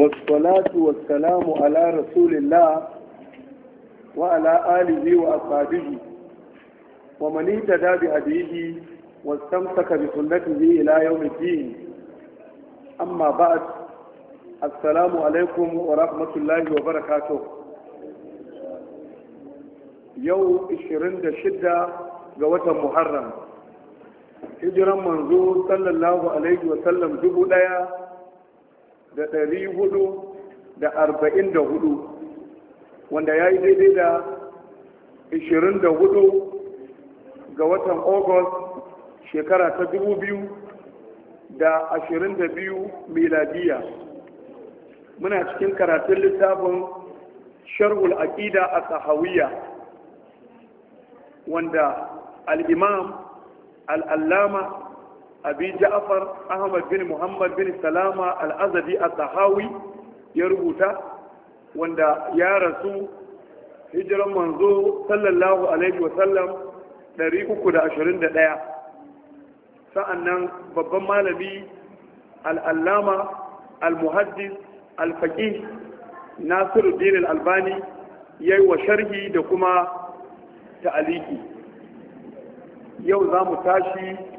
والصلاة والسلام على رسول الله وعلى آله وأصحابه ومن اهتدى بهديه واستمسك بسنته إلى يوم الدين أما بعد السلام عليكم ورحمة الله وبركاته يوم 26 ga watan Muharram hijiran manzo sallallahu alaihi wa sallam dubu daya da ɗari hudu da arba'in da hudu wanda ya yi daidai da ishirin da hudu ga watan august shekara ta dubu biyu da ashirin da biyu miladiya muna cikin karatun littafin sharhul aƙida a sahawiyya wanda al al'allama abi ja'far ahmad bin muhammad bin salama al-azadi al ya rubuta wanda ya rasu hijiran manzo sallallahu alaihi wasallam 321 sa'annan babban malami al-allama al-muhaddis al-faqih nasiruddin al-albani yayi wa sharhi da kuma ta'aliki yau za mu tashi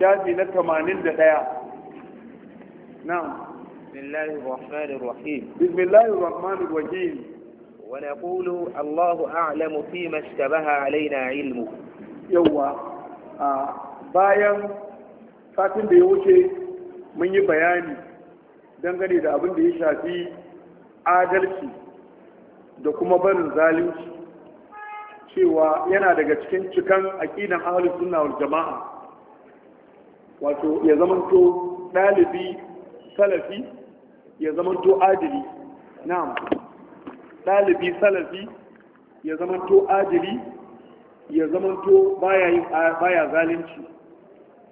shafi na 81 نعم بسم الله الرحمن الرحيم بسم الله الرحمن الرحيم ونقول الله أعلم فيما اشتبه علينا علمه يوا bayan satin da ya wuce mun yi bayani dangane da abin da ya shafi adalci da kuma barin zalunci cewa yana daga cikin cikan aƙidan ahalus sunna wal jama'a wato ya zamanto ɗalibi salafi ya zamanto adili na'am ɗalibi salafi ya zamanto adili ya zamanto baya zalunci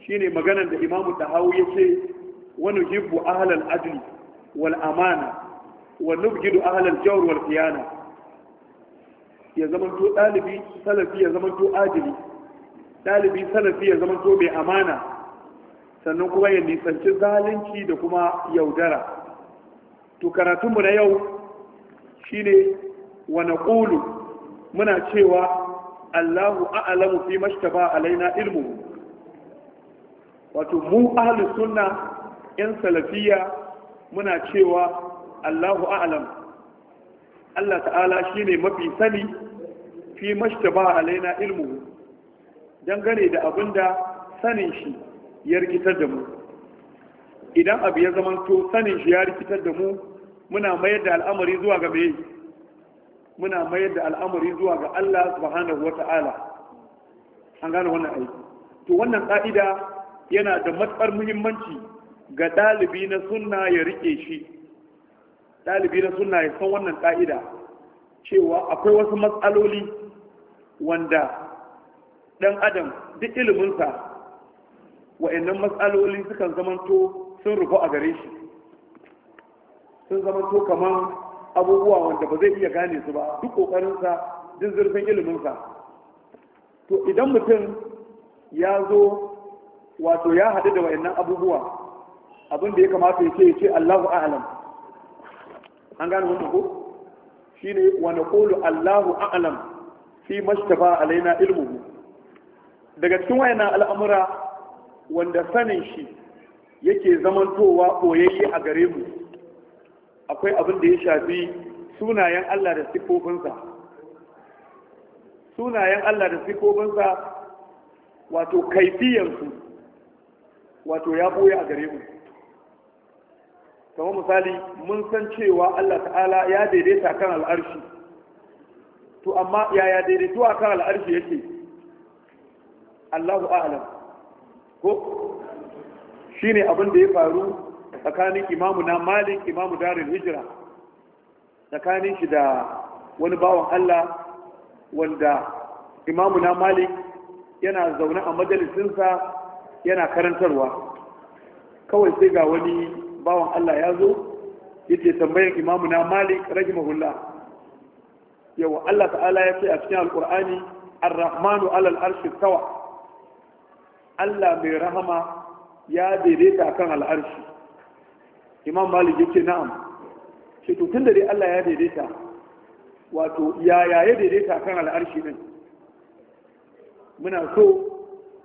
shine maganar da imamu tahawu ya ce wani hibbu ahalar adli wal amana wani nubgidu ahalar jawar wal fiyana ya zamanto ɗalibi salafi ya zamanto adili ɗalibi salafi ya zamanto mai amana sannan kuma ya nisanci zalunci da kuma yaudara to karatunmu na yau shine wane ƙulu muna cewa Allahu a'lamu fi mashtaba alaina ilmu wato mu ahli sunna yan salafiya muna cewa Allahu a'alam Allah ta'ala shine mafi sani fi mashtaba alaina ilmu dangane da abinda sanin shi ya rikitar da mu idan abu ya zama to sanin shi ya rikitar da mu muna mayar da al'amari zuwa ga me muna mayar da al'amari zuwa ga Allah subhanahu Ta'ala. an gane wannan aiki to wannan ƙa'ida yana da matsar muhimmanci ga ɗalibi na sunna ya rike shi ɗalibi na sunna ya san wannan ƙa'ida. cewa akwai wasu matsaloli wanda ɗan adam duk iliminsa wa'annan matsaloli sukan zamanto sun rufu a gare shi sun zamanto kamar abubuwa wanda ba zai iya gane su ba duk ƙoƙarinsa duk zurfin iliminsa to idan mutum ya zo wato ya haɗu da wa'annan abubuwa abin da ya kamata ya ce ya ce allahu a'alam an gane wannan ko shine wa naqulu allahu a'lam fi mashtafa alaina ilmuhu daga cikin wayannan al'amura wanda sanin shi yake zamantowa ɓoyayye a gare mu akwai abin da ya shafi sunayen Allah da sifofinsa sunayen Allah da sifofinsa wato kaifiyansu wato ya ɓoye a gare mu kamar misali mun san cewa Allah ta'ala ya daidaita kan al'arshi to amma yaya daidaituwa kan al'arshi yake Allahu a'lam ko shine abin da ya faru tsakanin imamu na malik imamu darin hijira tsakanin shi da wani bawan Allah wanda imamu na malik yana zaune a majalisinsa yana karantarwa kawai sai ga wani bawan Allah ya zo yake tambayin imamu na malik rahimahullah yawa Allah ta'ala ya ce a cikin alkur'ani Arrahmanu alal arshi tawa Allah mai rahama ya daidaita kan al'arshi imam malik yake na'am ce to tun da dai Allah ya daidaita wato yaya ya daidaita kan al'arshi din muna so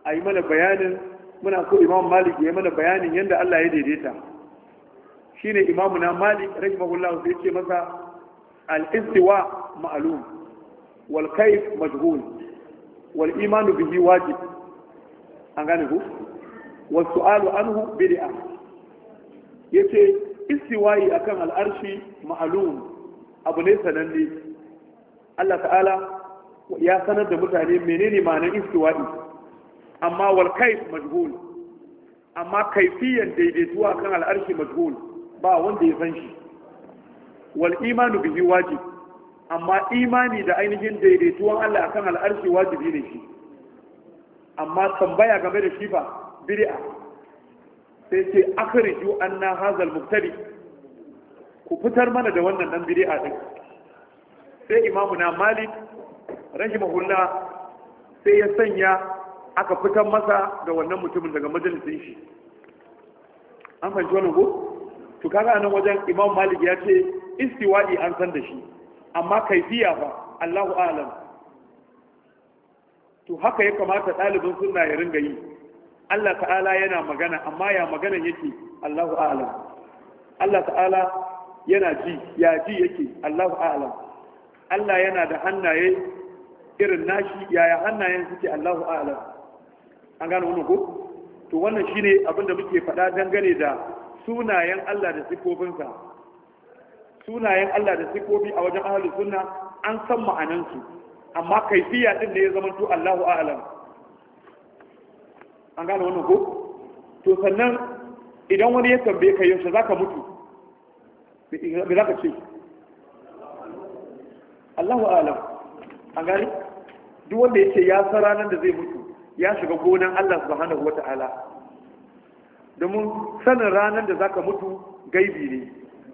a yi mana bayanin muna so imam malik ya yi mana bayanin yadda Allah ya daidaita Shi ne imamu na malik rahimahullahu sai ce masa al-istiwa ma'lum wal kayf majhul wal iman bihi wajib an gane ku wasu alu Ya ce yace istiwayi akan al'arshi ma'alun abu ne sananne Allah ta'ala ya sanar da mutane menene ma'anar istiwa'i amma wal kai majhul amma kaifiyan daidaituwa akan al'arshi majhul ba wanda ya san shi wal imanu bihi wajib amma imani da ainihin daidaituwan Allah akan al'arshi wajibi ne shi amma tambaya game da shi ba bid'a sai ce akhriju anna hazal mubtadi ku fitar mana da wannan dan bid'a din sai imamu na malik rahimahullah sai ya sanya aka fitar masa da wannan mutumin daga majalisin shi an fahimci wannan ko to kaga anan wajen Imamu malik ya ce istiwa'i an san da shi amma kaifiya fa Allahu a'lam to haka ya kamata ɗalibin sunna ya ringa yi Allah ta'ala yana magana amma ya magana yake Allahu a'lam Allah ta'ala yana ji ya ji yake Allahu a'lam Allah yana da hannaye irin nashi yaya hannayen suke Allahu a'lam an gane wannan ko to wannan shine abin da muke faɗa dangane da sunayen Allah da sifofinsa sunayen Allah da sifofi a wajen ahlus sunna an san ma'anansu amma kaifiya din ne ya zama to Allahu a'lam an gane wannan ko to sannan idan wani ya tambaye ka yaushe zaka mutu me zaka ce Allahu a'lam an gane duk wanda yake ya san ranar da zai mutu ya shiga gonan Allah subhanahu wata'ala domin sanin ranar da zaka mutu gaibi ne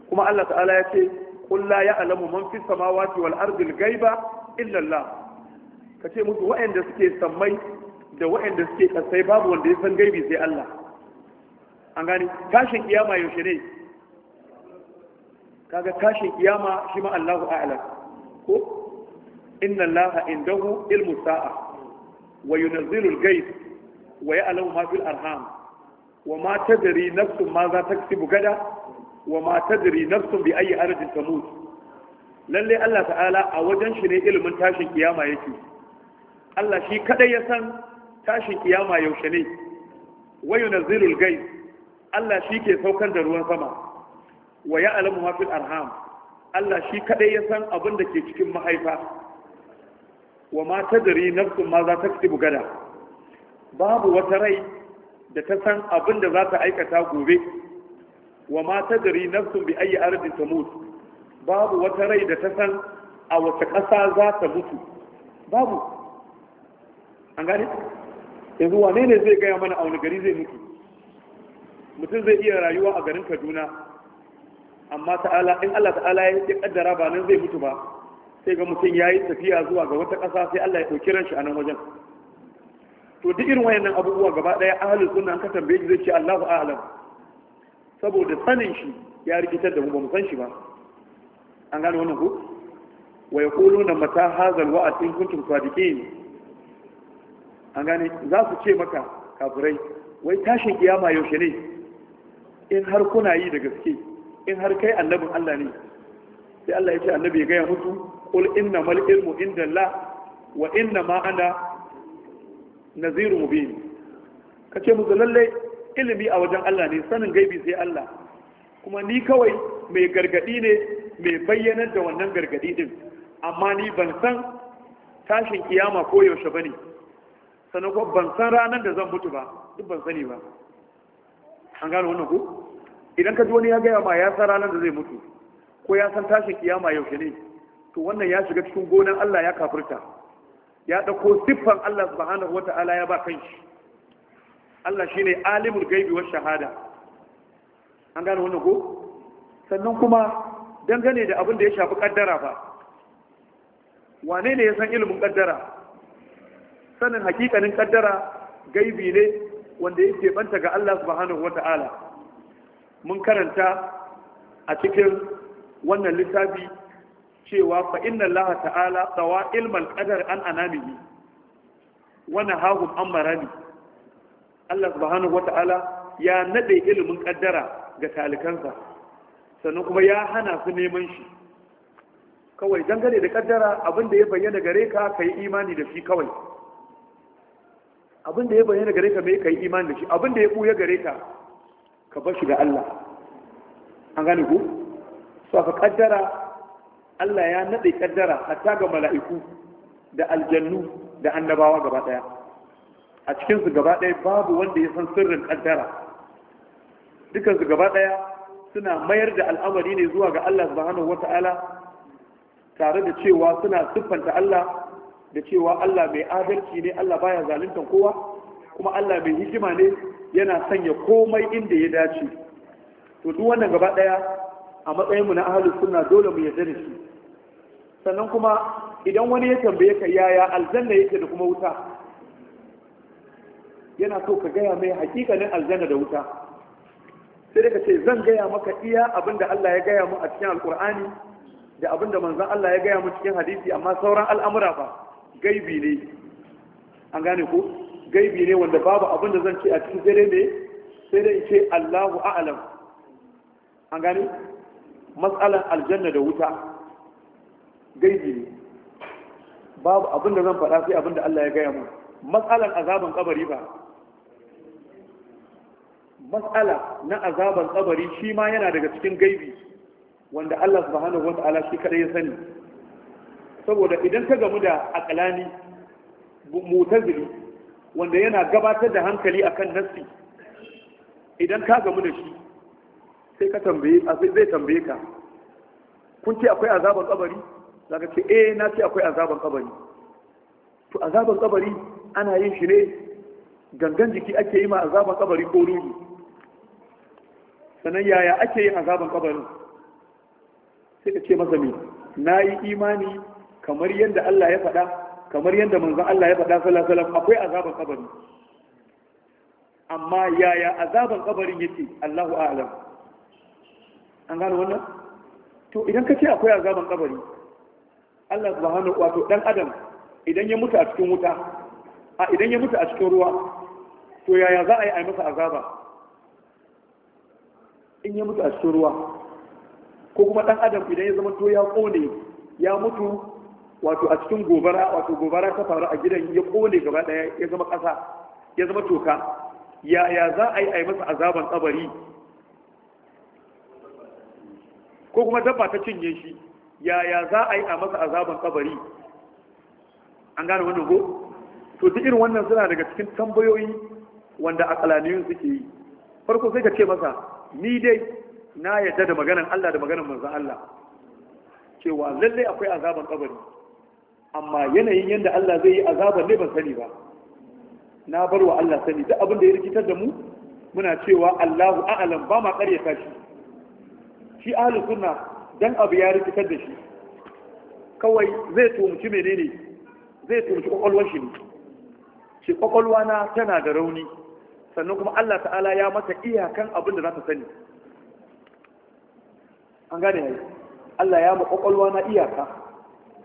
kuma Allah ta'ala ya ce qul la ya'lamu man fis samawati wal ardi al-ghaiba illallah ka ce musu waɗanda suke sammai da waɗanda suke kasai babu wanda ya san gaibi sai Allah an gani tashin kiyama yaushe ne kaga tashin kiyama shi ma Allahu a'Ala. ko inna Allah indahu ilmu sa'a wa yunzilu al wa ya'lamu ma fil arham wa ma tadri nafsun ma za taksibu gada wa ma tadri nafsun bi ayyi ardin tamut lalle Allah ta'ala a wajen shi ne ilimin tashin kiyama yake Allah shi kadai ya san tashin kiyama yaushe ne wa yunazzilul gai. Allah shi ke saukar da ruwan sama wa ya'lamu ma fil arham Allah shi kadai ya san abin da ke cikin mahaifa wa ma tadri nafsun ma za ta kitibu gada babu wata rai da ta san abin da za ta aikata gobe wa ma tadri nafsun bi ayi ardin tamut babu wata rai da ta san a wata ƙasa za ta mutu babu an gane yanzu wane ne zai gaya mana a wani gari zai mutu mutum zai iya rayuwa a garin kaduna amma ta'ala in allah ta'ala ya kaddara ba nan zai mutu ba sai ga mutum ya yi tafiya zuwa ga wata ƙasa sai allah ya ɗauki ran shi a nan wajen to duk irin wayannan abubuwa gaba ɗaya ahalin sunna an ka tambaye shi zai ce allahu a'lam saboda sanin shi ya rikitar da mu ba mu san shi ba an gane wannan ku wa na mata wa a cikin kuntum sadiqin an gane za su ce maka kafirai wai tashin kiyama yaushe ne in har kuna yi da gaske in har kai annabin Allah ne sai Allah ya ce annabi ya gaya musu qul mal ilmu Allah wa inna ma ana naziru mubin kace musu lalle ilimi a wajen Allah ne sanin gaibi sai Allah kuma ni kawai mai gargadi ne mai bayyanar da wannan gargadi din amma ni ban san tashin kiyama ko yaushe bane sannan ko ban san ranar da zan mutu ba duk ban sani ba an gano wannan ko idan ka ji wani ya gaya ma ya san ranar da zai mutu ko ya san tashin kiyama yaushe ne to wannan ya shiga cikin gonan Allah ya kafirta ya dauko siffan Allah subhanahu wata'ala ya ba kanshi Allah shine alimul ghaibi wash shahada an gano wannan ko sannan kuma dangane da abin da ya shafi kaddara ba wane ne ya san ilimin kaddara sanin hakikanin kaddara gaibi ne wanda yake banta ga Allah subhanahu wata'ala mun karanta a cikin wannan littafi cewa fa inna Allah ta'ala tsawa ilmal qadar an anamihi wani nahahum an Allah subhanahu wata'ala ya nade ilimin kaddara ga talikansa sannan kuma ya hana su neman shi kawai dangane da kaddara abinda ya bayyana gare ka ka yi imani da shi kawai Abinda ya bayyana gare ka mai ka yi imani da shi Abinda ya ɓuya gare ka ka bashi shi ga Allah an gane ku so aka kaddara Allah ya naɗe kaddara hatta ga mala'iku da aljannu da annabawa gaba ɗaya a cikinsu gaba ɗaya babu wanda ya san sirrin kaddara dukansu gaba ɗaya suna mayar da al'amari ne zuwa ga Allah subhanahu wata'ala tare da cewa suna siffanta Allah da cewa Allah mai adalci ne Allah baya zaluntar kowa kuma Allah mai hikima ne yana sanya komai inda ya dace to duk wannan gaba daya a matsayin mu na ahlus sunna dole mu yarda da shi sannan kuma idan wani ya tambaye ka yaya aljanna yake da kuma wuta yana so ka gaya mai hakikanin aljanna da wuta sai dai ka ce zan gaya maka iya abin da Allah ya gaya mu a cikin alkur'ani da abin da manzon Allah ya gaya mu cikin hadisi amma sauran al'amura ba gaibi ne an gane ko gaibi ne wanda babu abin da zan ce a cikin dare ne sai dai ce Allahu a'lam an gane matsalan aljanna da wuta gaibi ne babu abin da zan faɗa sai abin da Allah ya gaya mu matsalan azaban kabari ba matsala na azaban kabari shi ma yana daga cikin gaibi wanda Allah subhanahu wa ta'ala shi kadai ya sani saboda idan ka gamu da akalani mutazili wanda yana gabatar da hankali akan nassi idan ka gamu da shi sai ka tambaye zai tambaye ka kun ce akwai azaban kabari zaka ce eh na ce akwai azaban kabari to azaban kabari ana yin shi ne gangan jiki ake yi ma azaban kabari ko ruhu sannan yaya ake yin azaban kabarin sai ka ce masa me na yi imani kamar yadda Allah ya faɗa kamar yadda manzon Allah ya faɗa sallallahu alaihi akwai azaban kabari amma yaya azaban kabarin yake Allahu a'lam an gano wannan to idan ka ce akwai azaban kabari Allah subhanahu wa dan adam idan ya mutu a cikin wuta a idan ya mutu a cikin ruwa to yaya za a yi a masa azaba in ya mutu a cikin ruwa ko kuma dan adam idan ya zama to ya kone ya mutu wato a cikin gobara wato gobara ta faru a gidan ya kone gaba daya ya zama kasa ya zama toka yaya za a yi a yi masa azaban kabari ko kuma dabba ta cinye shi yaya za a yi a masa azaban kabari an gane wannan ko to duk irin wannan suna daga cikin tambayoyi wanda akalaniyun suke yi farko sai ka ce masa ni dai na yadda da maganan Allah da maganan manzon Allah cewa lallai akwai azaban kabari amma yanayin yadda Allah zai yi azaban ne ban sani ba na bar wa Allah sani duk abin da ya rikitar da mu muna cewa Allahu a'lam ba ma ƙaryata shi shi ahlus sunna dan abu ya rikitar da shi kawai zai tumci menene zai tumci kwakwalwar shi ne ce kwakwalwa tana da rauni sannan kuma Allah ta'ala ya mata iyakan abin da za ta sani an gane ne Allah ya ma kwakwalwa iyaka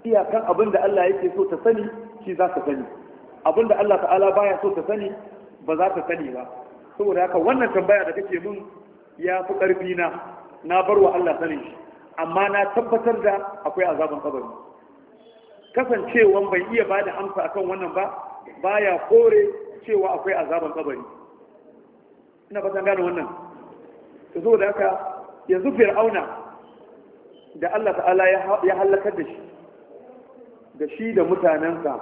iyakan abin da Allah yake so ta sani shi za ta sani abin da Allah ta'ala baya so ta sani ba za ta sani ba saboda haka wannan tambaya da kake mun ya fi karfi na na bar wa Allah sani. shi amma na tabbatar da akwai azaban kabari kasancewan bai iya ba bada amsa akan wannan ba baya kore cewa akwai azaban kabari ina fatan gane wannan ta zo da haka yanzu fir'auna da Allah ta'ala ya halakar da shi da shi da mutanensa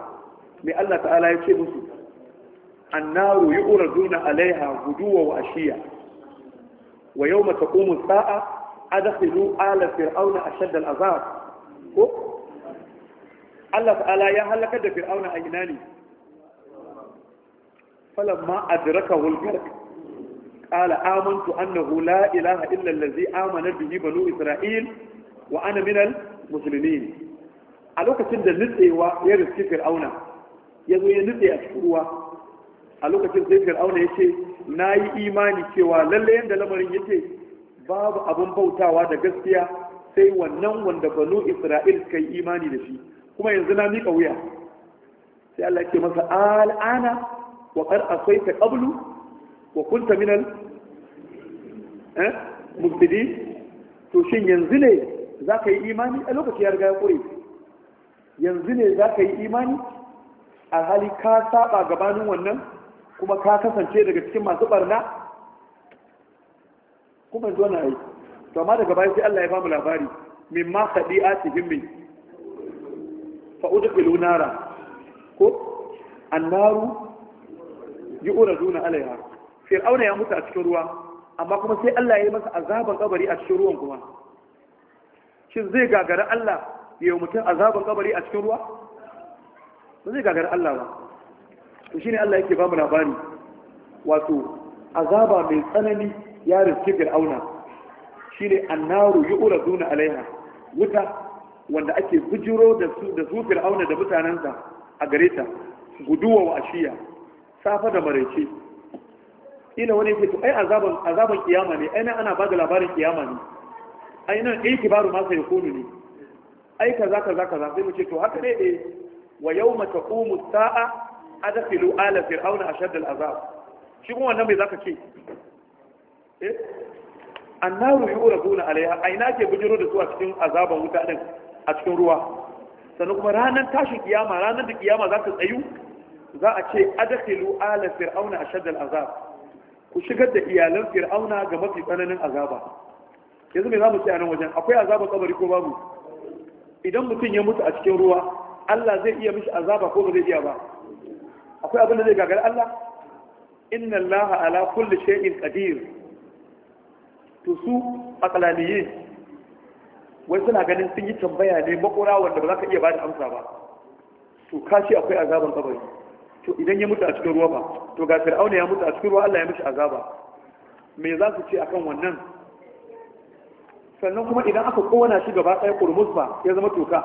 mai Allah ta'ala ya ce musu annaru yu'raduna alaiha guduwa wa ashiya wa yawma taqumu sa'a adkhilu ala fir'auna a ashadda al'azab ko Allah ta'ala ya halakar da fir'auna a ina ne falamma adraka wal malak qala amantu annahu la ilaha illa allazi amana bihi banu isra'il wa ana minal a lokacin da nutsewa ya riski fir'auna ya zo ya nutse a cikin ruwa a lokacin sai fir'auna ya ce na yi imani cewa lalle yadda lamarin ya ce babu abin bautawa da gaskiya sai wannan wanda banu isra'il suka yi imani da shi kuma yanzu na miƙa wuya sai Allah ke masa al'ana wa qad asayta qablu wa kunta min al eh to shin yanzu ne za ka yi imani a lokaci ya riga yanzu ne za ka yi imani a hali ka saba gabanin wannan kuma ka kasance daga cikin masu barna kuma zuwa na aiki to amma daga baya sai Allah ya bamu labari min ma khadi'atihim min fa udkhilu nara ko annaru yu'raduna alaiha fir'auna ya mutu a cikin ruwa amma kuma sai Allah ya yi masa azaban kabari a cikin ruwan kuma shin zai gagara Allah ya mutum azaban kabari a cikin ruwa ba zai gagara Allah ba to shine Allah yake ba mu labari wato azaba mai tsanani ya riski fir'auna shine annaru yu'raduna alaiha wuta wanda ake bujiro da su da su fir'auna da mutanensa a gare ta guduwa wa ashiya safa da maraice ina wani ke to ai azaban azaban kiyama ne ai nan ana bada labarin kiyama ne ai nan ai kibaru ma sai kunu ne ai kaza kaza kaza sai mu ce to haka ne eh wa yawma taqumu sa'a adkhilu ala fir'auna ashad al'azab shi kuma wannan bai zaka ce eh annaru yuraduna alaiha aina ke bujiro da su a cikin azaban wuta din a cikin ruwa sannan kuma ranar tashin kiyama ranar da kiyama za ka tsayu za a ce adakilu ala fir'auna a ashad Azab. ku shigar da iyalan fir'auna ga mafi tsananin azaba yanzu me zamu ce nan wajen akwai azaba kabari ko babu idan mutum ya mutu a cikin ruwa Allah zai iya mishi azaba ko ba zai iya ba akwai abin da zai gagari Allah inna Allah ala kulli shay'in qadir to su aqlaniyi wai suna ganin sun yi tambaya ne makora wanda ba za ka iya ba da amsa ba to kashi akwai azaban kabari to idan ya mutu a cikin ruwa ba to ga fir'auna ya mutu a cikin ruwa Allah ya mishi azaba me za su ce akan wannan sannan kuma idan aka kowana shi gaba ɗaya kurmus ba ya zama toka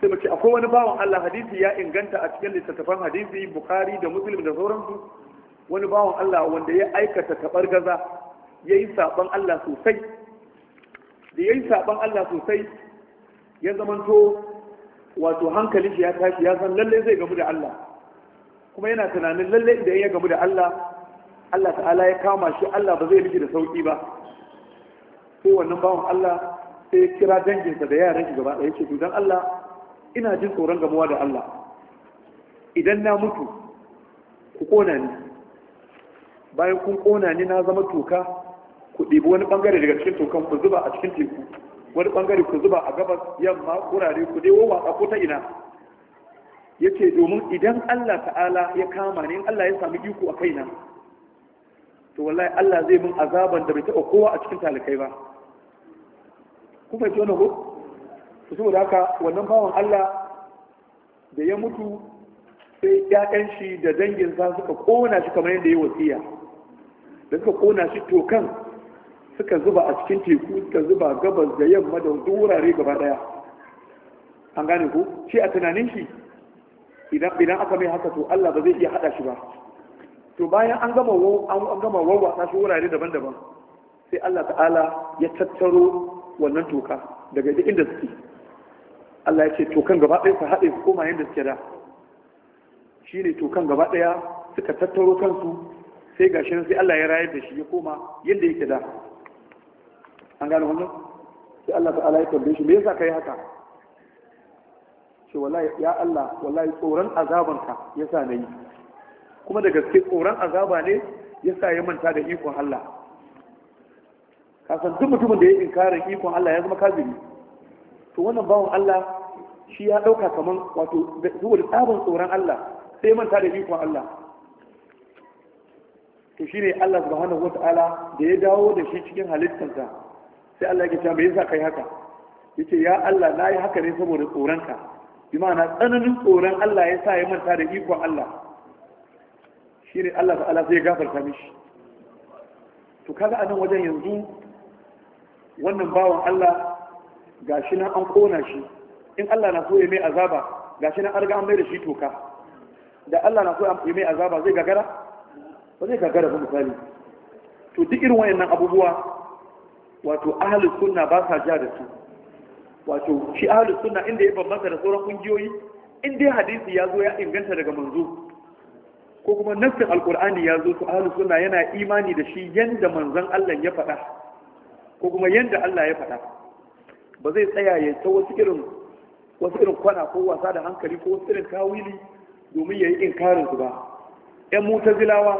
sai mu ce akwai wani bawan Allah hadisi ya inganta a cikin littattafan hadisi Bukhari da Muslim da sauransu wani bawan Allah wanda ya aikata tabar gaza yayi saban Allah sosai da yayi saban Allah sosai ya zamanto wato hankalin shi ya tashi ya san lalle zai gamu da Allah kuma yana tunanin lalle da ya gamu da Allah Allah ta'ala ya kama shi Allah ba zai rike da sauki ba sai wannan bawan Allah sai ya kira danginsa da yaran shi gaba ɗaya ce to dan Allah ina jin tsoron gamuwa da Allah idan na mutu ku kona ni bayan kun kona ni na zama toka ku ɗibi wani bangare daga cikin tokan ku zuba a cikin teku wani bangare ku zuba a gabas yamma kurare ku dai wowa ko ta ina ya ce domin idan Allah ta'ala ya kama ni in Allah ya sami iko a kaina to wallahi Allah zai min azaban da bai taɓa kowa a cikin talikai ba ku fahimci wannan ko to saboda haka wannan bawan Allah da ya mutu sai ƴaƴan shi da dangin sa suka kona shi kamar yadda ya wasiya da suka kona shi tokan suka zuba a cikin teku suka zuba gabas da yamma da wurare gaba daya an gane ko shi a tunanin shi idan aka mai haka to Allah ba zai iya hada shi ba to bayan an gama an gama wawwatsa shi wurare daban-daban sai Allah ta'ala ya tattaro wannan toka daga duk inda suke Allah ya ce tokan gaba ɗaya su haɗe su koma yadda suke da shi ne tokan gaba ɗaya suka tattaro kansu sai gashi nan sai Allah ya rayar da shi ya koma yadda yake da an gane wannan sai Allah ta'ala ya tambaye shi me yasa kai haka ce wallahi ya Allah wallahi tsoron azabanka yasa na yi kuma da gaske tsoron azaba ne yasa ya manta da ikon Allah kasan duk mutumin da ya inkarin ikon Allah ya zama kafiri to wannan bawan Allah shi ya dauka kaman wato zuwa tsabon tsoron Allah sai manta da ikon Allah to shine Allah subhanahu wataala da ya dawo da shi cikin halittarsa sai Allah ya ce me yasa kai haka yace ya Allah na yi haka ne saboda tsoronka Imana tsananin tsoron Allah ya sa ya manta da ikon Allah shi ne Allah ta'ala zai gafarta mishi to kaga anan wajen yanzu wannan bawan Allah gashi nan an kona shi in Allah na so ya mai azaba gashi nan an riga an mai da shi toka da Allah na so ya mai azaba zai gagara ba zai gagara ba misali to duk irin wayannan abubuwa wato ahlus sunna ba sa ja da su wato shi ahlu sunna inda ya bambanta da sauran kungiyoyi inda dai hadisi ya zo ya inganta daga manzo ko kuma nassin alkur'ani ya zo to ahlu suna yana imani da shi yanda manzon Allah ya faɗa ko kuma yanda Allah ya faɗa ba zai tsaya ya ta wasu irin wasu irin kwana ko wasa da hankali ko wasu irin tawili domin ya yi inkarin su ba yan mutazilawa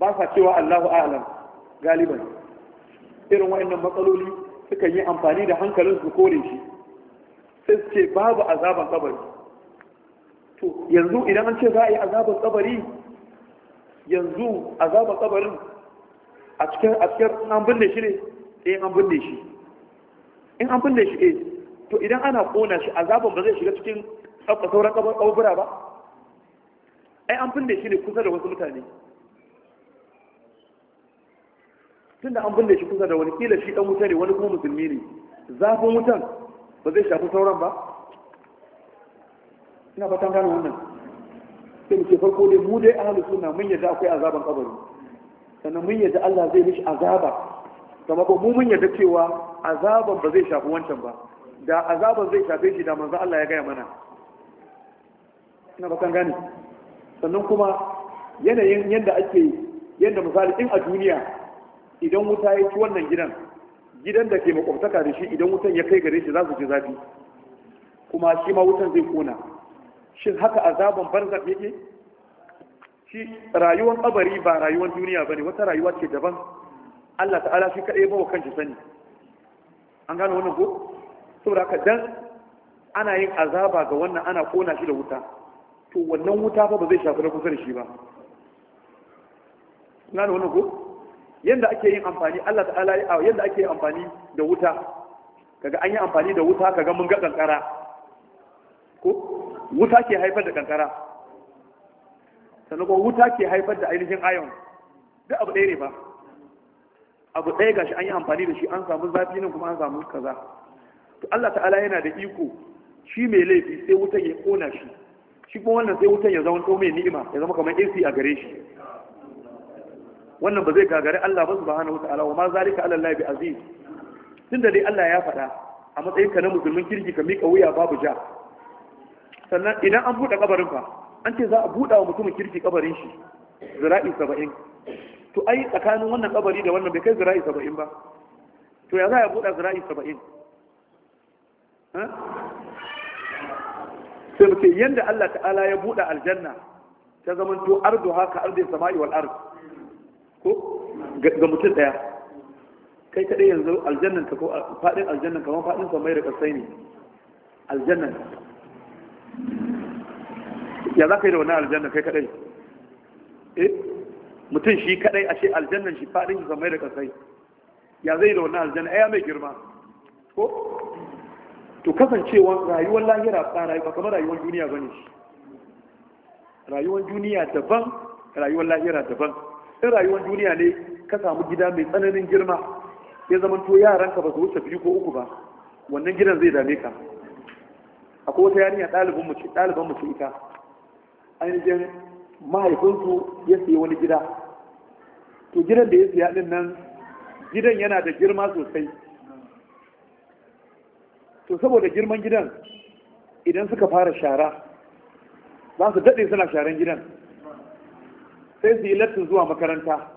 ba sa cewa Allahu a'lam galiban irin wayannan matsaloli suka yi amfani da hankalin su kore shi sai su ce babu azaban kabari to yanzu idan an ce za a yi azaban kabari yanzu azaban kabarin a cikin asiyar in an binne shi ne eh an binne shi in an binne shi eh to idan ana kona shi azaban ba zai shiga cikin sauran kabura ba ai an binne shi ne kusa da wasu mutane tun da an binne shi kusa da wani kila shi dan wuta ne wani kuma musulmi ne zafin wutan ba zai shafi sauran ba ina tan gane wannan sai mu ce farko dai mu dai ahlus sunna mun yadda akwai azaban kabari sannan mun yadda Allah zai mishi azaba kuma ko mu mun yadda cewa azaban ba zai shafi wancan ba da azaban zai shafe shi da manzo Allah ya gaya mana ina tan gane sannan kuma yanayin yadda ake yadda misali in a duniya idan wuta ya ci wannan gidan gidan da ke makwabtaka da shi idan wutan ya kai gare shi za su ji zafi kuma shi ma wutan zai kona shin haka azaban barzak yake shi rayuwar kabari ba rayuwar duniya bane wata rayuwa ce daban Allah ta'ala shi kadai ba wa kanshi sani an gano wannan ko saboda haka dan ana yin azaba ga wannan ana kona shi da wuta to wannan wuta fa ba zai shafi na kusa da shi ba gane wannan ko yanda ake yin amfani Allah ta'ala ya ah, yanda ake amfani da wuta kaga an yi amfani da wuta kaga mun ga kankara ko wuta ke haifar da kankara sannan wuta ke haifar da ainihin ayon duk abu ɗaya ne ba abu ɗaya gashi an yi amfani da shi an samu zafi ne kuma an samu kaza to Allah ta'ala yana da iko shi mai laifi sai wutan ya kona shi shi kuma wannan sai wutan ya zama to mai ni'ima ya zama kamar AC a gare shi wannan ba zai gagari Allah ba subhanahu wataala wa ma zalika ala Allah bi aziz tunda dai Allah ya faɗa a matsayin ka na musulmin kirki ka miƙa wuya babu ja sannan idan an buɗe kabarin fa an ce za a buɗa wa mutumin kirki kabarin shi zira'i saba'in to ai tsakanin wannan kabari da wannan bai kai zira'i saba'in ba to ya za a buɗa zira'i saba'in sai muke yadda Allah ta'ala ya buɗe aljanna ta zamanto ardu haka ardin sama'i wal ardu ko ga mutum daya kai kadai yanzu aljannan ka ko fadin aljannan kamar fadin mai da sai ne aljannan ya za ka yi da wani aljannan kai kadai eh mutum shi kadai a ce aljannan shi fadin shi mai da sai ya zai da wani aljannan ai mai girma ko to kasancewa rayuwar lahira ba rayuwa kamar rayuwar duniya bane shi rayuwar duniya daban rayuwar lahira daban in rayuwar duniya ne ka samu gida mai tsananin girma ya zamanto yaranka ba su wuce biyu ko uku ba wannan gidan zai dame ka akwai wata yarinya a mu ce ɗaliban mu ce ita ainihin mahaifinsu ya sayi wani gida to gidan da ya siya din nan gidan yana da girma sosai to saboda girman gidan idan suka fara shara za su daɗe suna sharan gidan sai su yi lattin zuwa makaranta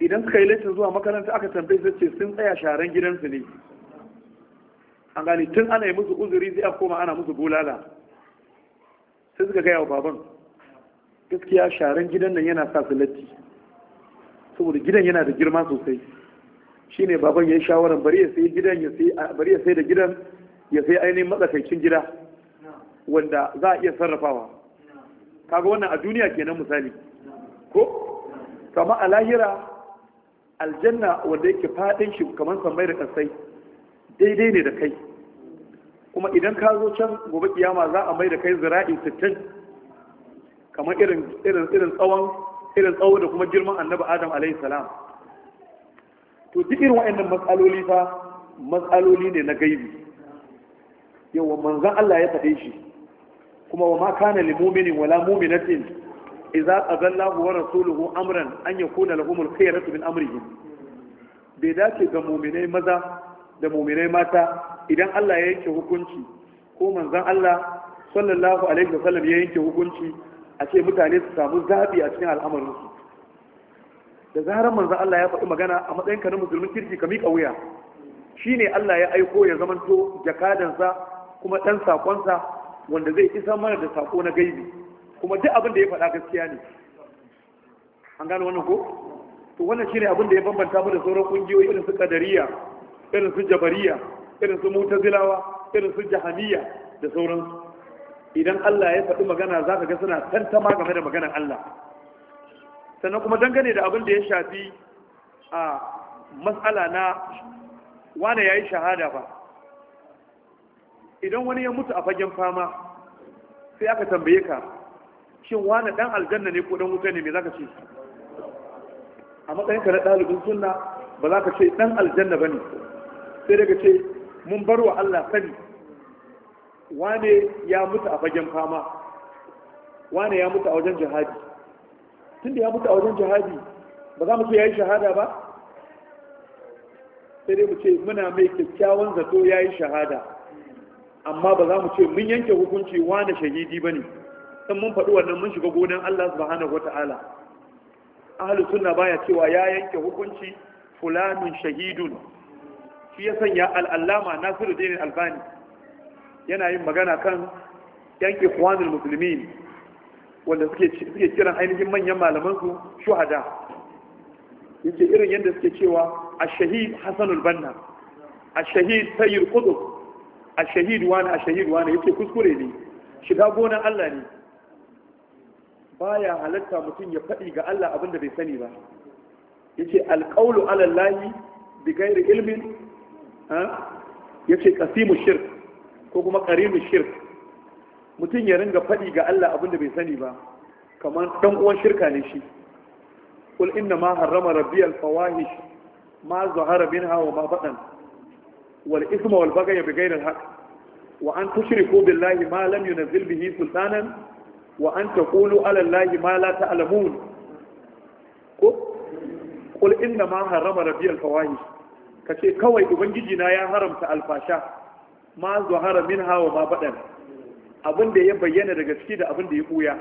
idan suka yi lattin zuwa makaranta aka tambaye su ce sun tsaya sharan gidansu ne an gani tun ana yi musu uzuri zai koma ana musu bulala sai suka gaya wa baban gaskiya sharan gidan nan yana sa su latti saboda gidan yana da girma sosai Shi ne baban ya yi shawarar bari ya sai bari ya sai da gidan ya sai ainihin matsakaicin gida wanda za a iya sarrafawa kaga wannan a duniya kenan misali ko kama a lahira aljanna wanda yake fadin shi kamar sammai da kansai daidai ne da kai kuma idan ka zo can gobe kiyama za a mai da kai zira'i sittin kamar irin irin irin tsawon irin tsawo da kuma girman annabi adam alaihi salam to duk irin wa'annan matsaloli fa matsaloli ne na gaibi yawa manzan Allah ya faɗe shi kuma wa ma kana lil mu'minin wala mu'minatin idza azallahu wa rasuluhu amran an yakuna lahum al khiyaratu min amrihim bai dace ga mu'minai maza da mu'minai mata idan Allah ya yanke hukunci ko manzon Allah sallallahu alaihi wa sallam ya yanke hukunci a ce mutane su samu zabi a cikin al'amarinsu da zarar manzan Allah ya faɗi magana a matsayin ka na musulmin kirki ka miƙa wuya shine Allah ya aiko ya zamanto jakadansa kuma ɗan saƙonsa wanda zai isa mana da sako na gaibi kuma duk abin da ya faɗa gaskiya ne an gano wannan ko to wannan shine abin da ya bambanta mu da sauran kungiyoyi irin su kadariya irin su jabariya irin su mutazilawa irin su jahaniya da sauransu idan Allah ya faɗi magana za ka ga suna tantama game da maganar Allah sannan kuma dangane da abin da ya shafi a matsala na wane ya yi shahada ba idan wani ya mutu a fagen fama sai aka tambaye ka shin wani dan aljanna ne ko dan wuta ne me zaka ce a matsayin ka na ɗalibin sunna ba za ka ce dan aljanna bane sai daga ce mun bar wa Allah sani wane ya mutu a fagen fama wane ya mutu a wajen jihadi tunda ya mutu a wajen jihadi ba za mu ce ya yi shahada ba sai dai mu ce muna mai kyakkyawan zato ya yi shahada amma ba za mu ce mun yanke hukunci na shahidi ba ne sun mun faɗi wannan mun shiga gonan Allah subhanahu wata'ala ahlus sunna baya cewa ya yanke hukunci fulanun shahidun shi ya sanya al'allama nasiruddin albani yana yin magana kan yanke kwanul muslimin wanda suke kiran ainihin manyan malaman su shuhada yace irin yanda suke cewa ash-shahid hasanul banna ash-shahid sayyid qutb a shahidu wani a shahidu wani yake kuskure ne shiga gonan Allah ne baya halatta mutum ya faɗi ga Allah abin da bai sani ba yace ce ala llahi bi ghairi ilmin ha yace qasimu shirk ko kuma qarinu shirk mutum ya ringa faɗi ga Allah abin da bai sani ba kamar dan uwan shirka ne shi qul inna ma harrama rabbi al fawahish ma zahara minha wa ma badan wal isma wal bagaya bi ghayril wa an tushriku billahi ma lam yunzil bihi sultanan wa an taqulu ala allahi ma la ta'lamun ko qul inna ma harrama rabbi al fawahish kace kawai ubangiji na ya haramta alfasha ma abin da ya bayyana daga ciki da abin da ya buya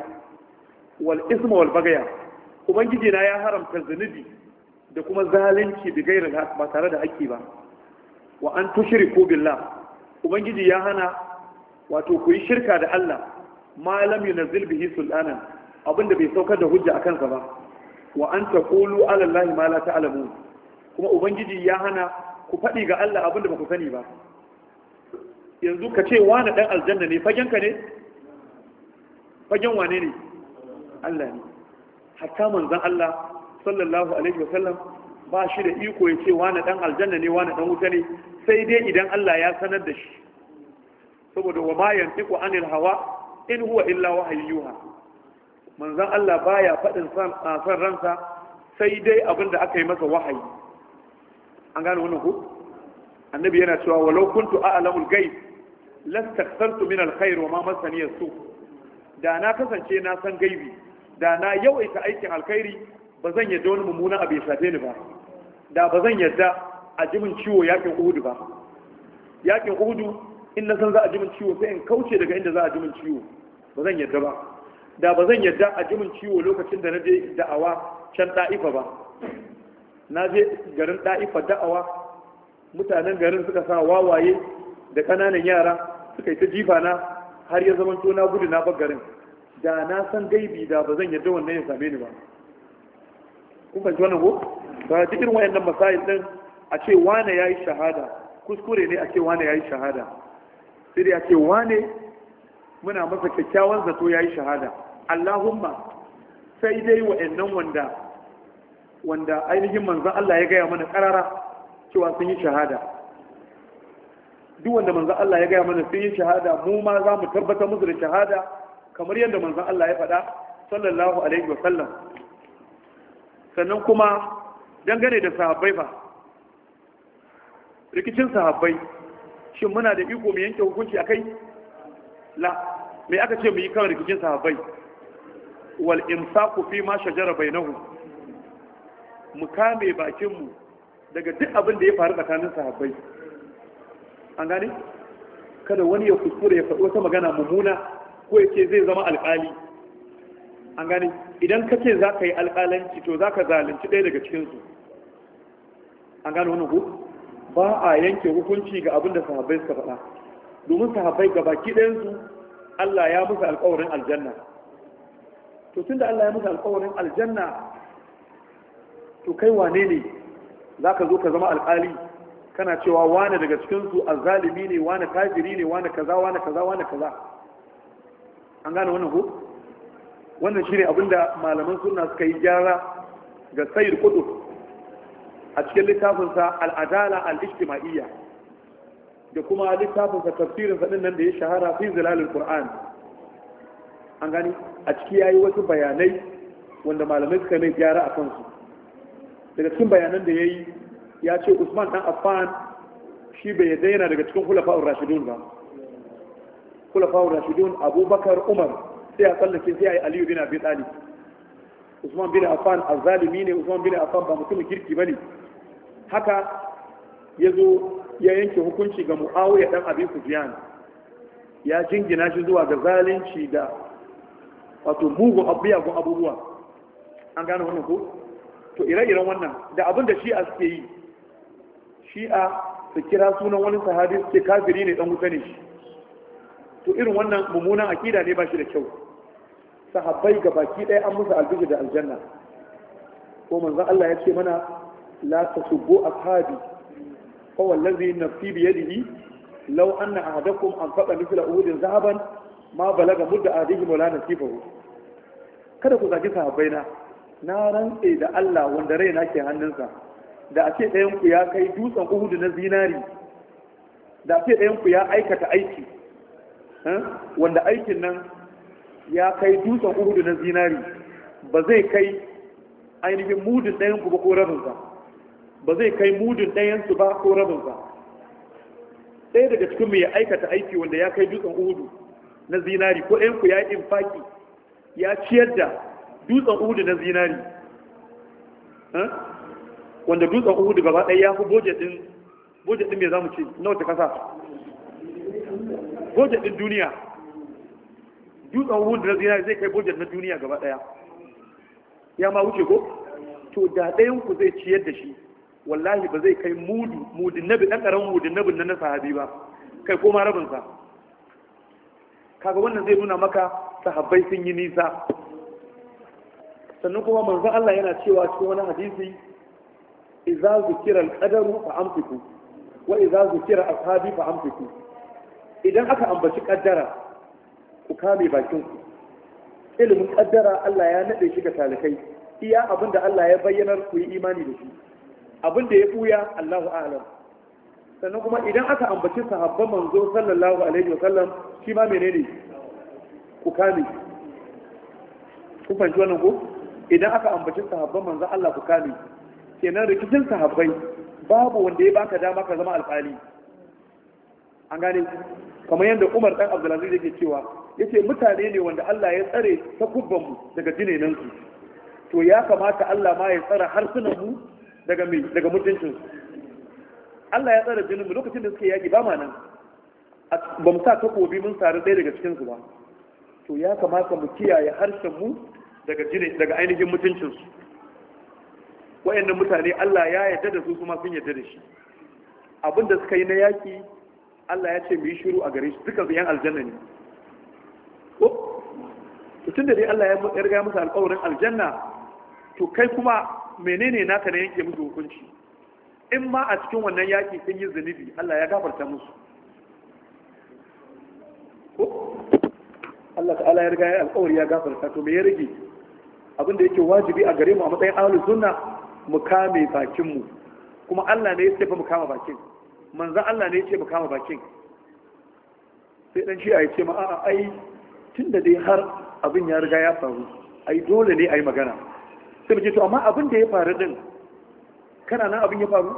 wal isma wal bagaya ubangiji na ya haramta zunubi da kuma zalunci da gairar ba tare da haƙƙi ba wa an ko billah ubangiji ya hana wato ku yi shirka da Allah ma lam yunzil bihi sultanan abinda bai saukar da hujja akan sa ba wa an taqulu ala allahi ma la ta'lamu kuma ubangiji ya hana ku faɗi ga Allah abinda ba ku sani ba yanzu ka ce wani dan aljanna ne fagen ka ne fagen wane ne Allah ne hatta manzon Allah sallallahu alaihi wa sallam ba shi da iko ya ce wani dan aljanna ne wani dan wuta ne sai dai idan Allah ya sanar da shi saboda wa ma yantiqu anil hawa in huwa illa yuha manzon Allah baya fadin san san ransa sai dai abinda aka yi masa wahayi an gane wannan ko annabi yana cewa walau kuntu a'lamul ghaib lastakthartu min alkhair wa ma masani yasu da na kasance na san gaibi da na yawaita aikin alkhairi ba zan yadda wani mummuna abu ya shafe ni ba da ba zan yarda a jimin ciwo yakin uhudu ba yakin uhudu in na san za a jimin ciwo sai in kauce daga inda za a jimin ciwo ba zan yarda ba da ba zan yarda a jimin ciwo lokacin da na je da'awa can da'ifa ba na je garin da'ifa da'awa mutanen garin suka sa wawaye da ƙananan yara suka yi ta jifa na har ya zamanto na gudu na bar garin da na san gaibi da ba zan yarda wannan ya same ni ba kun fahimci wannan ko ba duk irin wayannan masail din a ce wane yayi shahada kuskure ne a ce wane yayi shahada sai dai a ce wane muna masa kyakkyawan zato yayi shahada Allahumma sai dai wayannan wanda wanda ainihin manzo Allah ya gaya mana karara cewa sun yi shahada duk wanda manzo Allah ya gaya mana sun yi shahada mu ma za mu tabbatar musu da shahada kamar yadda manzo Allah ya faɗa sallallahu alaihi wa sallam sannan kuma dangane da sahabbai ba rikicin sahabbai shi muna da iko mai yanke hukunci akai la me aka ce mu yi kan rikicin sahabbai wal imsaku fi ma shajara nahu. mu kame bakin mu daga duk abin da ya faru tsakanin sahabbai an gane kada wani ya kuskure ya faɗi wata magana mummuna ko ya ce zai zama alƙali an gane idan ka ce za ka yi alƙalanci to za ka zalunci ɗaya daga cikinsu an gane wani ku ba a yanke hukunci ga abin da sahabbai suka faɗa domin sahabbai ga baki ɗayansu Allah ya musu alƙawarin aljanna to tun da Allah ya musu alƙawarin aljanna to kai wane ne za ka zo ka zama alƙali kana cewa wane daga cikinsu azalimi ne wane kafiri ne wane kaza wane kaza wane kaza an gane wannan ku wannan shi ne abinda malaman suna suka yi gyara ga sayar kudu a cikin littafinsa al'adala al'ishtima'iyya da kuma littafinsa tafsirin faɗin nan da ya shahara fi zilalin qur'an an gani a ciki ya yi wasu bayanai wanda malamai suka mai gyara a kansu daga cikin bayanan da ya yi ya ce usman dan affan shi bai yadda yana daga cikin khulafa'ur rashidun ba khulafa'ur rashidun abubakar umar sai a tsallake sai a yi aliyu bin abi usman bin affan azzalimi ne usman bin affan ba mutumin kirki ba ne. haka ya zo ya yanke hukunci ga muawiya dan abin sufyan ya jingina shi zuwa ga zalunci da wato mugun abubuwan abubuwa an gane wannan ko to ire-iren wannan da abin da shi'a suke yi shi'a su kira sunan wani sahabi suke kafiri ne dan wuta ne shi to irin wannan mummunan akida ne ba shi da kyau sahabbai ga baki ɗaya an musu albishir da aljanna ko manzon Allah ya ce mana la tasubbu ashabi fa wallazi nafsi bi yadihi an anna ahadakum anfaqa mithla uhudin zahaban ma balaga mudda adihi wala nasifahu kada ku zaki sahabbai na na rantse da Allah wanda raina ke hannunsa da a ce ɗayan ku ya kai dutsen uhudu na zinari da a ce ɗayan ku ya aikata aiki eh, wanda aikin nan ya kai dutsen uhudu na zinari ba zai kai ainihin mudin ɗayan ku ba ko rabinsa ba zai kai mudin ɗayan su ba ko rabinsa ɗaya daga cikin mai aikata aiki wanda ya kai dutsen uhudu na zinari ko ɗayan ku ya yi infaki ya ciyar da dutsen uhudu na zinari wanda dutsen uhudu gaba ɗaya ya fi bojet ɗin mai zamuci na nawa kasa bojet duniya dutsen Hudu na zinari zai kai budget na duniya gaba daya ya ma wuce ko to da ɗayan ku zai ciyar da shi wallahi ba zai kai mudu mudin nabi dan karamin mudin na sahabi ba kai koma rabinsa. kaga wannan zai nuna maka sahabbai sun yi nisa sannan kuma manzo Allah yana cewa cikin wani hadisi idza zukira al-qadaru fa amfiku.", wa idza zukira ashabi fa amfiku." idan aka ambaci ƙaddara. ku kame bakin ku ilimin kaddara Allah ya nade shi ga talikai iya abin da Allah ya bayyanar ku yi imani da shi abin da ya buya Allahu a'lam sannan kuma idan aka ambaci sahabban manzo sallallahu alaihi wa sallam shi ma menene ku kame ku fanci wannan ko idan aka ambaci sahabban manzo Allah ku kame kenan rikicin sahabbai babu wanda ya baka dama ka zama alƙali an gane kamar yadda umar dan abdulaziz yake cewa yace mutane ne wanda Allah ya tsare ta kubbanmu daga jinenan su to ya kamata Allah ma ya tsara harsunan mu daga mai daga mutuncin Allah ya tsara jinin mu lokacin da suke yaki ba ma nan ba mu sa takobi mun sari ɗaya daga cikin su ba to ya kamata mu kiyaye harshen mu daga jine daga ainihin mutuncin su wayannan mutane Allah ya yarda da su kuma sun yarda da shi abinda suka yi na yaki Allah ya ce mu yi shiru a gare shi duka yan aljanna ne ko tun da dai Allah ya riga musu alƙawarin aljanna to kai kuma menene naka ne yanke musu hukunci in ma a cikin wannan yaƙi sun yi zunubi Allah ya gafarta musu ko Allah ta'ala ya riga ya alƙawari ya gafarta to me ya rage abin da yake wajibi a gare mu a matsayin ahlus sunna mu kame bakin mu kuma Allah ne ya ce mu kama bakin manzo Allah ne ya ce mu kama bakin sai dan shi'a ya ce ma a'a ai tun da dai har abin ya riga ya faru ai dole ne ai magana sai muke to amma abin da ya faru din kana nan abin ya faru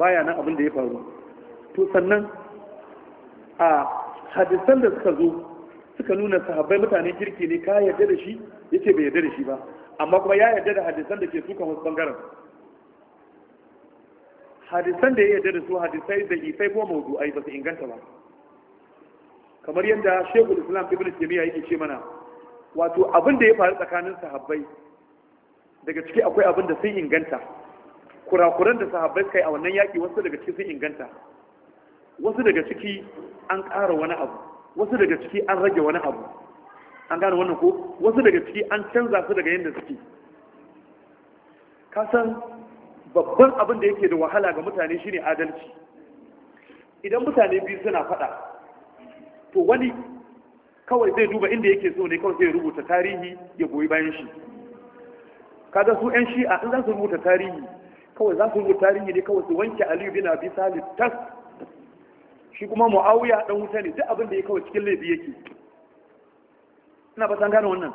baya nan abin da ya faru to sannan a hadisan da suka zo suka nuna sahabbai mutane kirki ne ka yarda da shi yace bai yarda da shi ba amma kuma ya yarda da hadisan da ke sukan wasu bangaren hadisan da ya yarda da su hadisai da ifai ko mawdu'ai ba su inganta ba kamar yadda shekul islam ibn Jami'a yake ce mana wato abin da ya faru tsakanin sahabbai daga ciki akwai abin da sun inganta kurakuran da sahabbai kai a wannan yaki wasu daga ciki sun inganta wasu daga ciki an ƙara wani abu wasu daga ciki an rage wani abu an gane wannan ko wasu daga ciki an canza su daga yadda suke kasan babban abin da yake da wahala ga mutane shine adalci idan mutane biyu suna faɗa to wani kawai zai duba inda yake so ne kawai zai rubuta tarihi ya goyi bayan shi kaga su yan shi'a in za su rubuta tarihi kawai za su rubuta tarihi ne kawai su wanke aliyu bin abi talib tas shi kuma muawiya dan wuta ne duk abin da ya kawai cikin laifi yake ina ba san gane wannan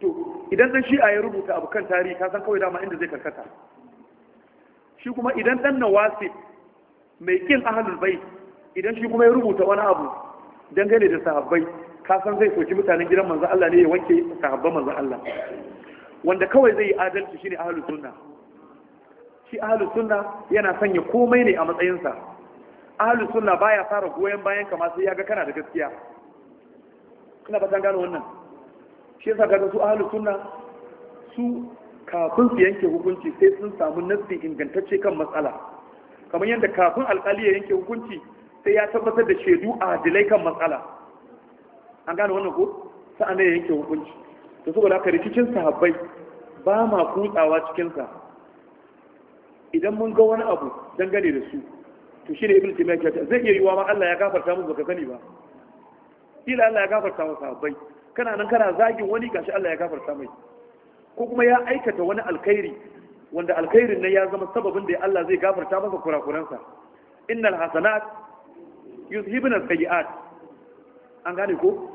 to idan dan shi'a ya rubuta abu kan tarihi ka san kawai dama inda zai karkata shi kuma idan dan wasi mai kin ahalul bai, idan shi kuma ya rubuta wani abu dangane da sahabbai ka san zai soki mutanen gidan manzo Allah ne ya wanke sahabban manzo Allah wanda kawai zai yi adalci shine ahalul sunna shi ahalul sunna yana sanya komai ne a matsayinsa ahalul sunna baya fara goyen bayan kamar sai ya ga kana da gaskiya kuna ba gano wannan shi yasa ga su ahalul sunna su kafin su yanke hukunci sai sun samu nassi ingantacce kan matsala kamar yadda kafin alkali ya yanke hukunci sai ya tabbatar da shaidu a adilai kan matsala an gane wannan ko sa'an ya yanke hukunci to saboda haka rikicin sahabbai ba ma kutsawa cikinsa idan mun ga wani abu dangane da su to shi ne ibn timiya ke zai iya yiwa ma Allah ya gafarta musu baka sani ba kila Allah ya gafarta musu sahabbai kana nan kana zagin wani gashi Allah ya gafarta mai ko kuma ya aikata wani alkhairi wanda alkhairin nan ya zama sababin da Allah zai gafarta masa kurakuransa innal hasanat yuzhibna sayiat an gane ko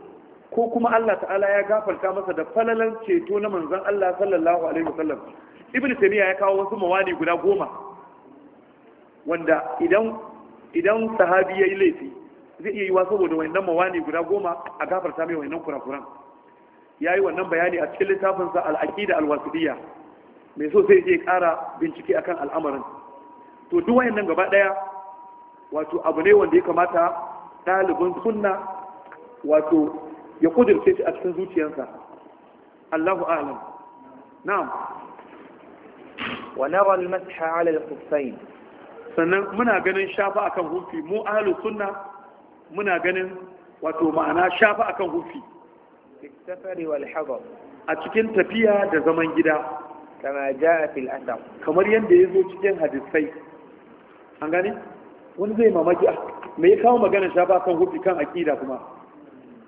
ko kuma Allah ta'ala ya gafarta masa da falalan ceto na manzon Allah sallallahu alaihi wasallam ibnu tamiya ya kawo wasu mawani guda goma wanda idan idan sahabi yayi laifi zai iya yi wa saboda wayannan mawani guda goma a gafarta mai wayannan kurakuran ya yi wannan bayani a cikin littafinsa al'aƙida alwasiliya mai so sai je ƙara bincike akan al'amarin to duk nan gaba ɗaya wato abu ne wanda ya kamata ɗalibin sunna wato ya kudirce shi a cikin zuciyarsa Allahu a'lam na'am wa nara al-masha 'ala al sannan muna ganin shafa akan hufi mu ahlus sunna muna ganin wato ma'ana shafa akan hufi a cikin tafiya da zaman gida kama jaa fil kamar yadda ya zo cikin hadisai an gani wani zai mamaki a ah, me ya kawo magana sha ba kan hufi kan akida kuma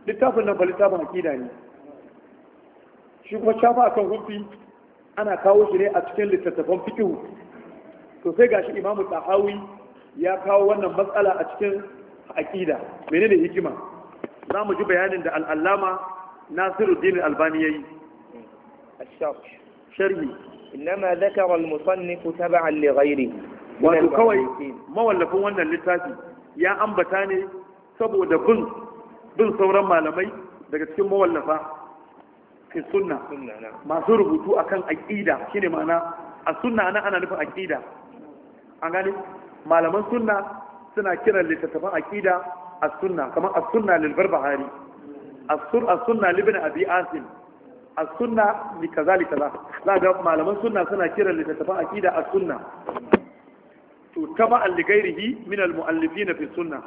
littafin nan ba littafin akida ne shi kuma sha ba kan hufi ana kawo shi ne a cikin littattafan fikihu to sai gashi imamu tahawi ya kawo wannan matsala a cikin akida menene hikima za mu ji bayanin da al'allama nasiruddin albani yayi sharhi innama dhakara al tab'an li ghayrihi wato kawai mawallafin wannan littafi ya ambata ne saboda bin bin sauran malamai daga cikin mawallafa fi sunna masu rubutu akan aqida shine ma'ana a sunna nan ana nufin aqida an gani malaman sunna suna kiran littattafan aqida as-sunna kamar as-sunna lil barbahari as-sunna libin abi asim as-sunna li kaza li za ga malaman sunna suna kiran littattafan aqida as-sunna to taba al-ghairihi min al-mu'allifin fi sunna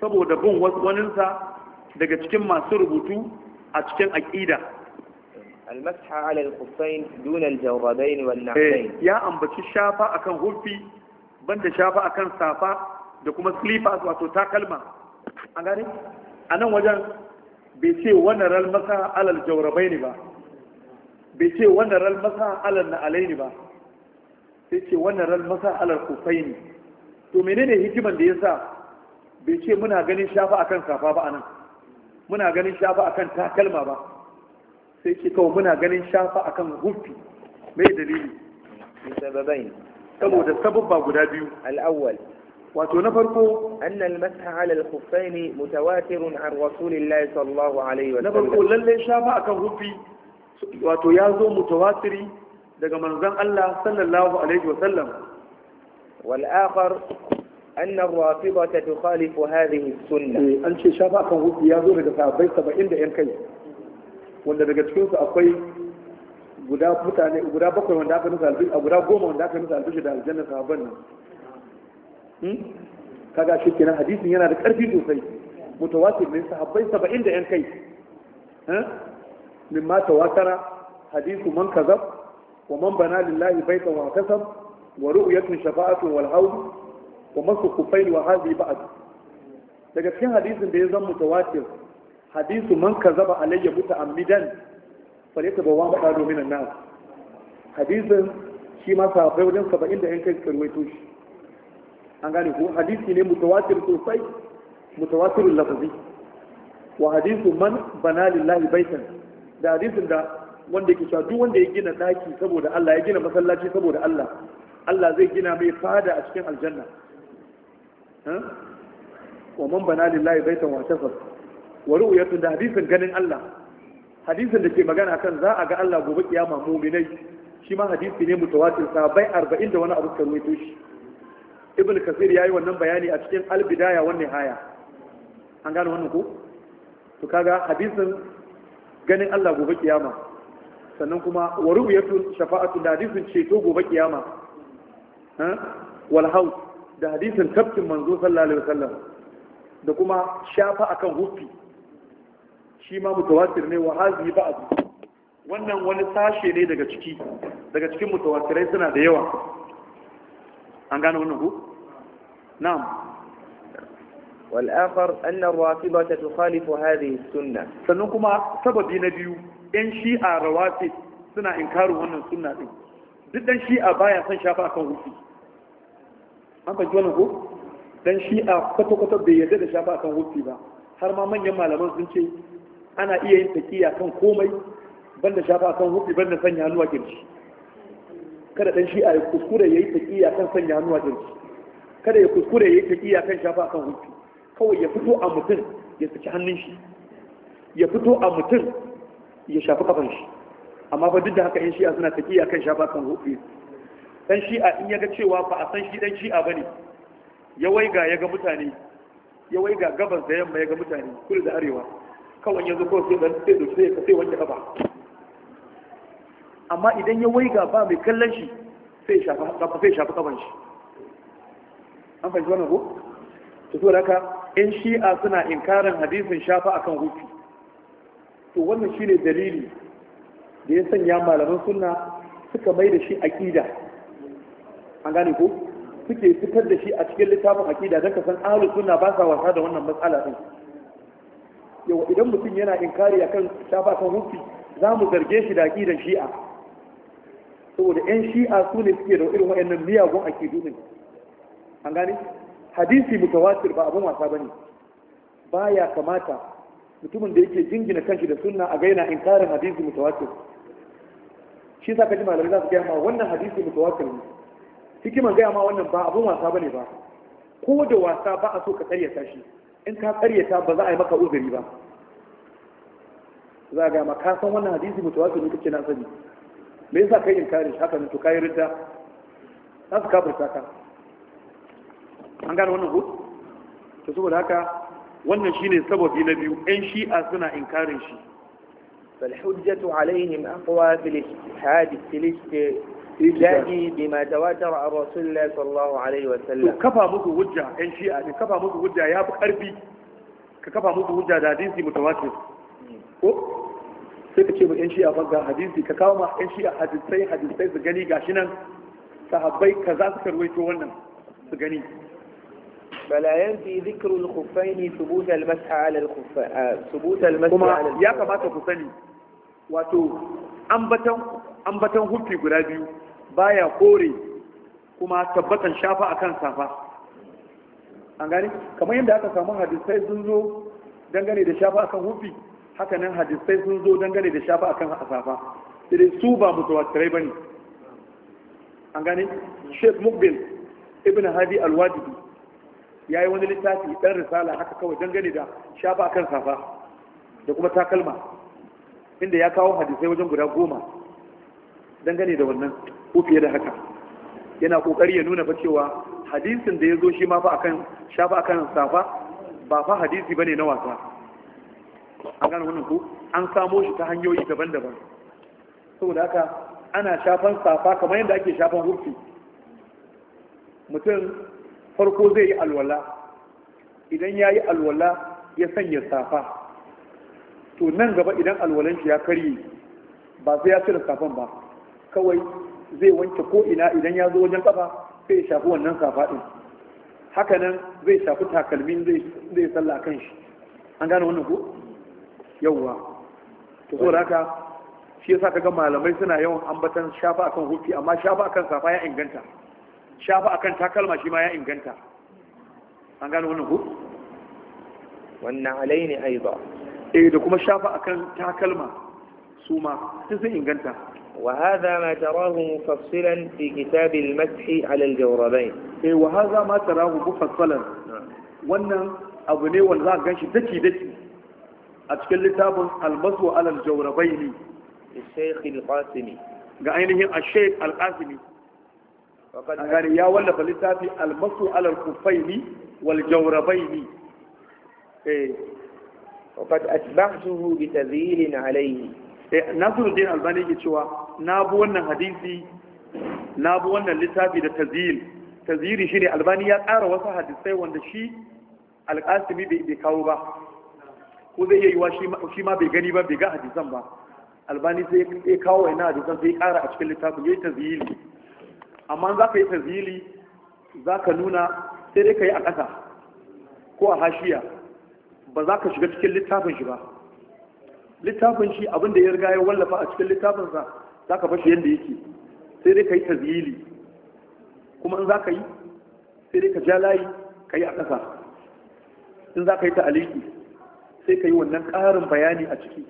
saboda bin waninsa daga cikin masu rubutu a cikin aqida المسح dun al دون wal والنعلين ya ambaci shafa akan هلفي banda shafa akan safa da kuma slippers wato takalma an gane a nan wajen bai ce wannan ralmasa alal jaurabai ne ba bai ce wannan ralmasa alal na'alai ne ba sai ce wannan ralmasa alal kufai ne to menene hikiman da ya sa bai ce muna ganin shafa akan safa ba anan muna ganin shafa akan takalma ba sai ce kawai muna ganin shafa akan hufi mai dalili saboda ba guda biyu al'awwal wato na farko annal masha ala al mutawatirun an rasulillahi sallallahu alaihi wa sallam na farko lalle shafa akan hufi wato ya zo mutawatiri daga manzon Allah sallallahu alaihi wa sallam wal akhar anna ar-rafida tukhalifu hadhihi as-sunnah eh, an ce shafa akan hufi ya zo daga sahabbai 70 da yan kai wanda daga cikin su akwai guda mutane guda bakwai wanda aka nusa albishi guda goma wanda aka nusa albishi da aljanna sahabban nan Hmm? kaga shi kenan hadisin yana da karfi sosai mutawatir ne sahabbai 70 da yan kai mata tawatara hadisu man kazab wa man bana lillahi baitan wa kasab wa ru'yatun shafa'atun wal haud wa masu kufail wa hadhi ba'd daga cikin hadisin da ya zama mutawatir hadisu man kazaba alayya muta'ammidan falita bawa ma domin nan hadisin shi ma sahabbai wajen 70 da yan kai suka ruwaito shi an gane ko hadisi ne mutawatir sosai mutawatirul lafazi wa hadisu man bana lillahi baitan da hadisin da wanda yake cewa duk wanda ya gina daki saboda Allah ya gina masallaci saboda Allah Allah zai gina mai fada a cikin aljanna wa man bana lillahi baitan wa tasab wa ru'yatun da hadisin ganin Allah hadisin da ke magana kan za a ga Allah gobe kiyama mu'minai shi ma hadisi ne mutawatir sa bai 40 da wani abu kan wato shi ibn kasir yi wannan bayani a cikin albidaya bidaya wan nihaya an gane wannan ko to kaga hadisin ganin Allah gobe kiyama sannan kuma wa ru'yatu shafa'atu da hadisin ceto gobe kiyama ha wal haus da hadisin kaftin manzo sallallahu alaihi wasallam da kuma shafa akan hufi shi ma mutawatir ne wa hazi ba'd wannan wani sashe ne daga ciki daga cikin mutawatirai suna da yawa an gano wannan ku na'am wal akhar an rawatiba ta tukhalifu hadhihi sunna sannan kuma sababi na biyu dan shi'a rawatib suna inkaru wannan sunna din duk dan shi'a baya san shafa akan wuce an ka jona ku dan shi'a kwata kwata bai yadda da shafa akan wuce ba har ma manyan malaman sun ce ana iya yin takiya kan komai banda shafa akan wuce banda sanya hannu a kirshi kada dan shi ya kuskure yayi taqiya kan sanya hannu a kirki kada ya kuskure yayi taqiya kan shafa kan hutu kawai ya fito a mutum ya saki hannun shi ya fito a mutum ya shafi kafan shi amma fa duk da haka yan shi'a suna taqiya kan shafa kan hutu dan shi'a in ya ga cewa ba a san shi dan shi'a bane ya waiga ya ga mutane ya waiga gabas da yamma ya ga mutane kudu da arewa kawai yanzu kawai sai dan sai sai ka ba. amma idan ya waiga ba mai kallon shi sai shafi kaban shi an fahimci wannan ko to so haka yan shi'a suna inkarin hadisin shafa akan hufi to wannan shi ne dalili da ya sanya malaman sunna suka mai da shi aqida an gane ko suke fitar da shi a cikin littafin aqida don ka san ahlus sunna ba sa wasa da wannan matsala din yau idan mutum yana inkari akan shafa akan hufi za mu zarge shi da aqidan shi'a saboda yan shi'a su ne suke da irin wayannan miyagun akidu ne an gane hadisi mutawatir ba abun wasa bane baya kamata mutumin da yake jingina kanshi da sunna a gaina inkarin hadisi mutawatir shi sa kaji malami za su gaya ma wannan hadisi mutawatir ne hikiman gaya ma wannan ba abun wasa bane ba ko da wasa ba a so ka karyata shi in ka karyata ba za a yi maka uzuri ba za a gaya ma ka san wannan hadisi mutawatir ne kake na sani me yasa kai inkari haka ne to kai ridda za su kafirta ka an gane wannan ko to saboda haka wannan shine sababi na biyu ɗan shi'a suna inkarin shi فالحجة عليهم أقوى في الاجتهاد في الاجتهاد بما تواتر عن رسول الله صلى الله عليه وسلم كفى مكو وجه إن شيء كفى مكو وجه يا أبو قربي كفى مكو وجه ده حديث متواتر sai ka ce ba yan shi'a ga hadisi ka kawo ma yan shi'a hadisai hadisai su gani gashi nan sahabbai kaza suka ruwaito wannan su gani فلا ينفي ذكر الخفين ثبوت المسح على الخف ثبوت Kuma ya kamata ku sani, wato ambatan امبتن guda biyu غدا بيو بايا كوري كما تبتن akan safa an gane kamar yadda aka samu hadisai sun zo dangane da shafa akan hufi hakanan hadisai sun zo dangane da shafa akan asafa sai su ba mutawatirai bane an gane Sheikh Mukbil Ibn Hadi Al-Wadibi yayi wani littafi dan risala haka kawai dangane da shafa akan safa da kuma takalma inda ya kawo hadisai wajen guda goma dangane da wannan ko fiye da haka yana kokari ya nuna fa cewa hadisin da ya zo shi ma fa akan shafa akan safa ba fa hadisi bane na wasa an gane wannan ko an samo shi ta hanyoyi daban-daban saboda haka ana shafan safa kamar yadda ake shafan hurfi mutum farko zai yi alwala idan ya yi alwala ya sanya safa to nan gaba idan alwalan shi ya karye ba sai ya cire safan ba kawai zai wanke ko ina idan ya zo wajen kafa sai ya shafi wannan safa din hakanan zai shafi takalmin zai sallah kan shi an gane wannan ko yawwa to so haka shi yasa kaga malamai suna yawan ambatan shafa akan hufi amma shafa akan safa ya inganta shafa akan takalma shi ma ya inganta an gano wannan hufi wannan alaini ne aiba eh da kuma shafa akan takalma su ma sun inganta وهذا ما تراه مفصلا في كتاب المسح على الجوربين إيه وهذا ما تراه مفصلا وانا ابو ne wanda za ka ganshi daki daki a cikin littafin almasu alal jaurabai ne sheikh al-qasimi ga ainihin a sheikh al-qasimi gani ya wallafa littafi almasu alal kufai ne wal jaurabai ne eh wakad atbahtuhu bi tadhilin alayhi eh nasru din albani ke cewa na bu wannan hadisi na bu wannan littafi da tazil tazili shine albani ya ƙara wasu hadisai wanda shi al-qasimi bai kawo ba ko zai iya yiwa shi ma bai gani ba bai ga hadisan ba albani sai ya kawo wa yana hadisan sai ya kara a cikin littafin ya yi ta ziyili amma za ka yi ziyili za ka nuna sai dai ka yi a ƙasa ko a hashiya ba za ka shiga cikin littafin shi ba littafin shi abin da ya riga ya wallafa a cikin littafin sa za ka fashe yadda yake sai dai ka yi ta ziyili kuma in za ka yi sai dai ka ja layi ka yi a ƙasa in za ka yi ta aliki. sai ka yi wannan ƙarin bayani a ciki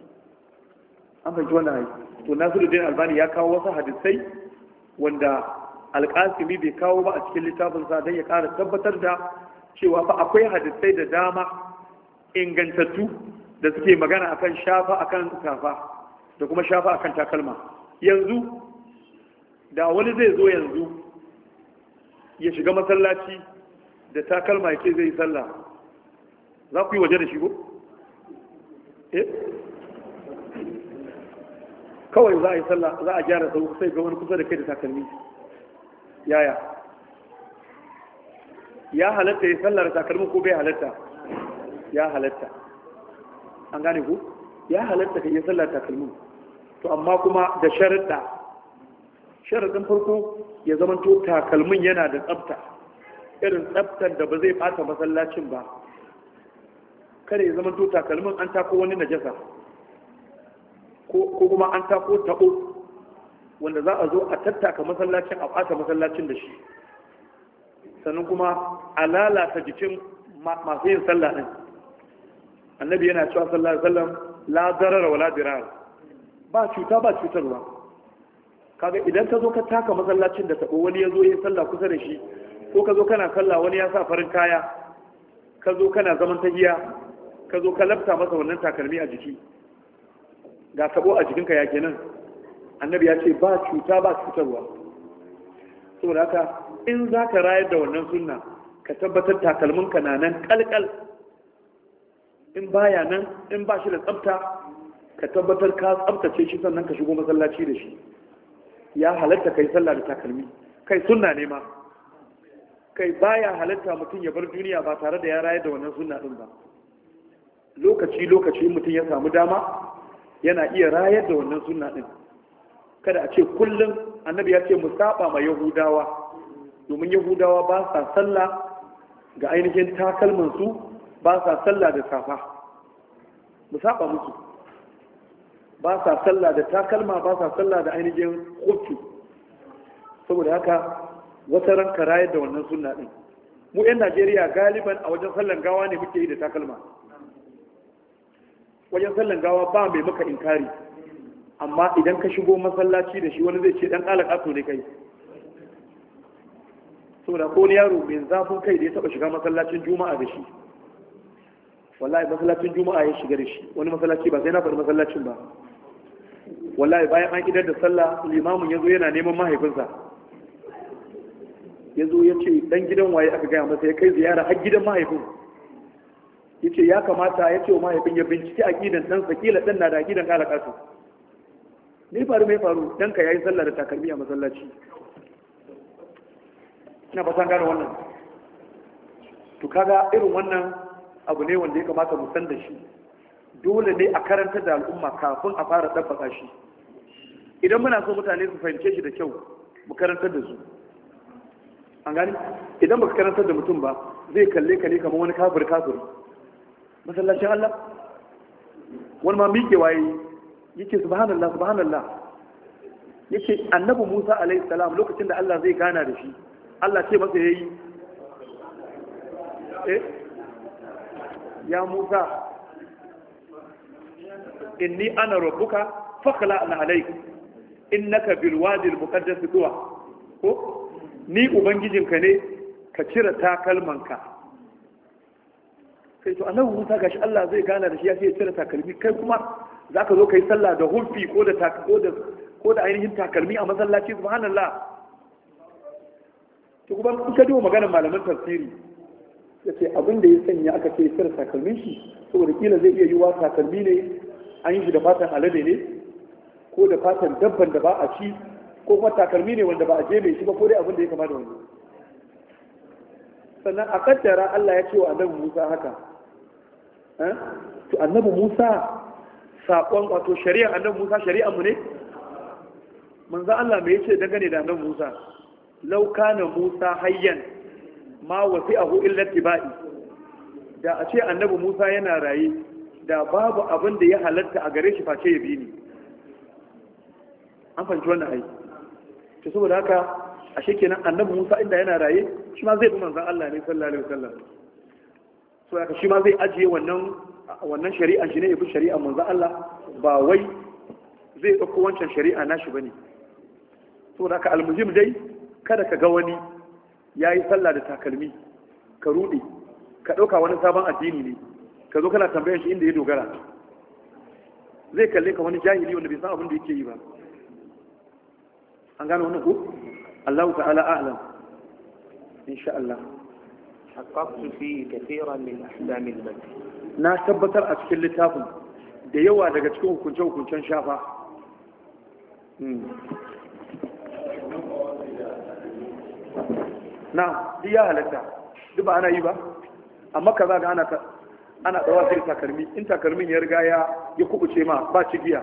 an fahimci wannan hanyar to nasiruddin albani ya kawo wasu hadisai wanda alƙasimi bai kawo ba a cikin littafin sa don ya ƙara tabbatar da cewa fa akwai hadisai da dama ingantattu da suke magana akan shafa akan tafa da kuma shafa akan takalma yanzu da wani zai zo yanzu ya shiga masallaci da takalma ya ce zai sallah za ku yi waje da shigo? Eh? kawai za a yi sallah za a gyara sau sai ga wani kusa da kai da takalmi yaya ya halatta ya sallar takalmi ko bai halatta ya halatta an gane ku ya halatta ka yi sallar takalmi to amma kuma da sharaɗa sharaɗin farko ya to takalmin yana da tsafta irin tsaftar da ba zai ɓata masallacin ba kada ya zama tuta takalmin an tako wani najasa ko kuma an tako tabo wanda za a zo a tattaka masallacin a ɓata masallacin da shi sannan kuma a lalata jikin masu yin sallah ɗin annabi yana cewa sallar alaihi wasallam la wa wala dirar ba cuta ba cutarwa kaga idan ka zo ka taka masallacin da tabo wani ya zo ya sallah kusa da shi ko ka zo kana sallah wani ya sa farin kaya ka zo kana zaman tahiya ka zo ka lafta masa wannan takalmi a jiki ga sabo a jikinka ya kenan annabi ya ce ba cuta ba cutarwa saboda haka in za ka rayar da wannan sunna ka tabbatar takalminka na nan kalkal in baya nan in ba shi da tsafta ka tabbatar ka tsabtace shi sannan ka shigo masallaci da shi ya halatta kai sallah da takalmi kai sunna ne ma kai baya halatta mutum ya bar duniya ba tare da ya rayar da wannan sunna din ba lokaci lokaci mutum ya samu dama yana iya rayar da wannan sunna ɗin kada a ce kullum annabi ya ce mu saba ma yahudawa domin yahudawa ba sa sallah ga ainihin takalmansu ba sa sallah da safa mu saba musu ba sa sallah da takalma ba sa sallah da ainihin hutu saboda haka wata ranka rayar da wannan suna ɗin mu 'yan najeriya galiban a wajen sallan gawa ne muke yi da takalma wajen sallan gawa ba mai maka inkari amma idan ka shigo masallaci da shi wani zai ce dan alaka to ne kai da ko yaro mai zafin kai da ya taba shiga masallacin juma'a da shi wallahi masallacin juma'a ya shiga da shi wani masallaci ba sai na faɗi masallacin ba wallahi bayan an idar da sallah limamin ya zo yana neman mahaifinsa ya zo ya ce dan gidan waye aka gaya masa ya kai ziyara har gidan mahaifin yace ya kamata ya ce ma mahaifin ya binciki aqidan dan sakila dan na da aqidan alaka su me faru me faru dan ka yayi sallah da takalmi a masallaci ina ba san gane wannan to kaga irin wannan abu ne wanda ya kamata mu san da shi dole ne a karanta da al'umma kafin a fara dabbaka shi idan muna so mutane su fahimce shi da kyau mu karantar da su an gani idan baka karantar da mutum ba zai kalle ka ne kamar wani kafir kafir masallacin Allah wani ma miƙe waye yake subhanallah subhanallah yake annabi Musa alaihi salam lokacin da Allah zai gana da shi Allah ce masa yayi eh ya Musa inni ana rabbuka fakhla ana alayk innaka bil wadi al muqaddas tuwa ko ni ubangijinka ne ka cire takalmanka kai to annabi Musa gashi Allah zai gana da shi ya ce cire takalmi kai kuma zaka zo kai sallah da hulfi ko da ko da ko da ainihin takalmi a masallaci subhanallah to kuma in ka duba maganar malaman tafsiri ya ce abin da ya sanya aka ce cire takalmin shi saboda kila zai iya yiwa takalmi ne an yi shi da fatan alade ne ko da fatan dabban da ba a ci ko kuma takalmi ne wanda ba a jebe shi ba ko dai abin da ya kama da wani sannan a kaddara Allah ya ce wa annabi Musa haka Eh? to annabi Musa saƙon wato shari'a annabi Musa shari'a mu ne manzo Allah me yace dangane da annabi Musa law kana Musa hayyan ma wasi'ahu illa tibai da a ce annabi Musa yana raye da babu abin da ya halatta a gare shi face ya bi ni an fahimci wannan ai to saboda haka ashe kenan annabi Musa inda yana raye shi ma zai bi manzo Allah ne sallallahu alaihi wasallam so ya shi ma zai ajiye wannan shari'a shi ne fi shari'a manzo Allah ba wai zai dauko wancan shari'a nashi bane so da ka almuhim dai kada ka ga wani ya yi sallah da takalmi ka rude ka ɗauka wani sabon addini ne ka zo kana tambayar shi inda ya dogara zai kalle ka wani jahili wanda bai san abin da yake yi ba an gano wannan ko Allah ta'ala a'lam insha Allah حققت فيه كثيرا من أحكام المسح na tabbatar a cikin littafin da yawa daga cikin hukunce-hukuncen shafa hmm. na duk ya halatta duk ba ana yi ba amma ka za ga ana ɗawa sai takalmi in takalmin ya riga ya kubuce ma ba ci cigiya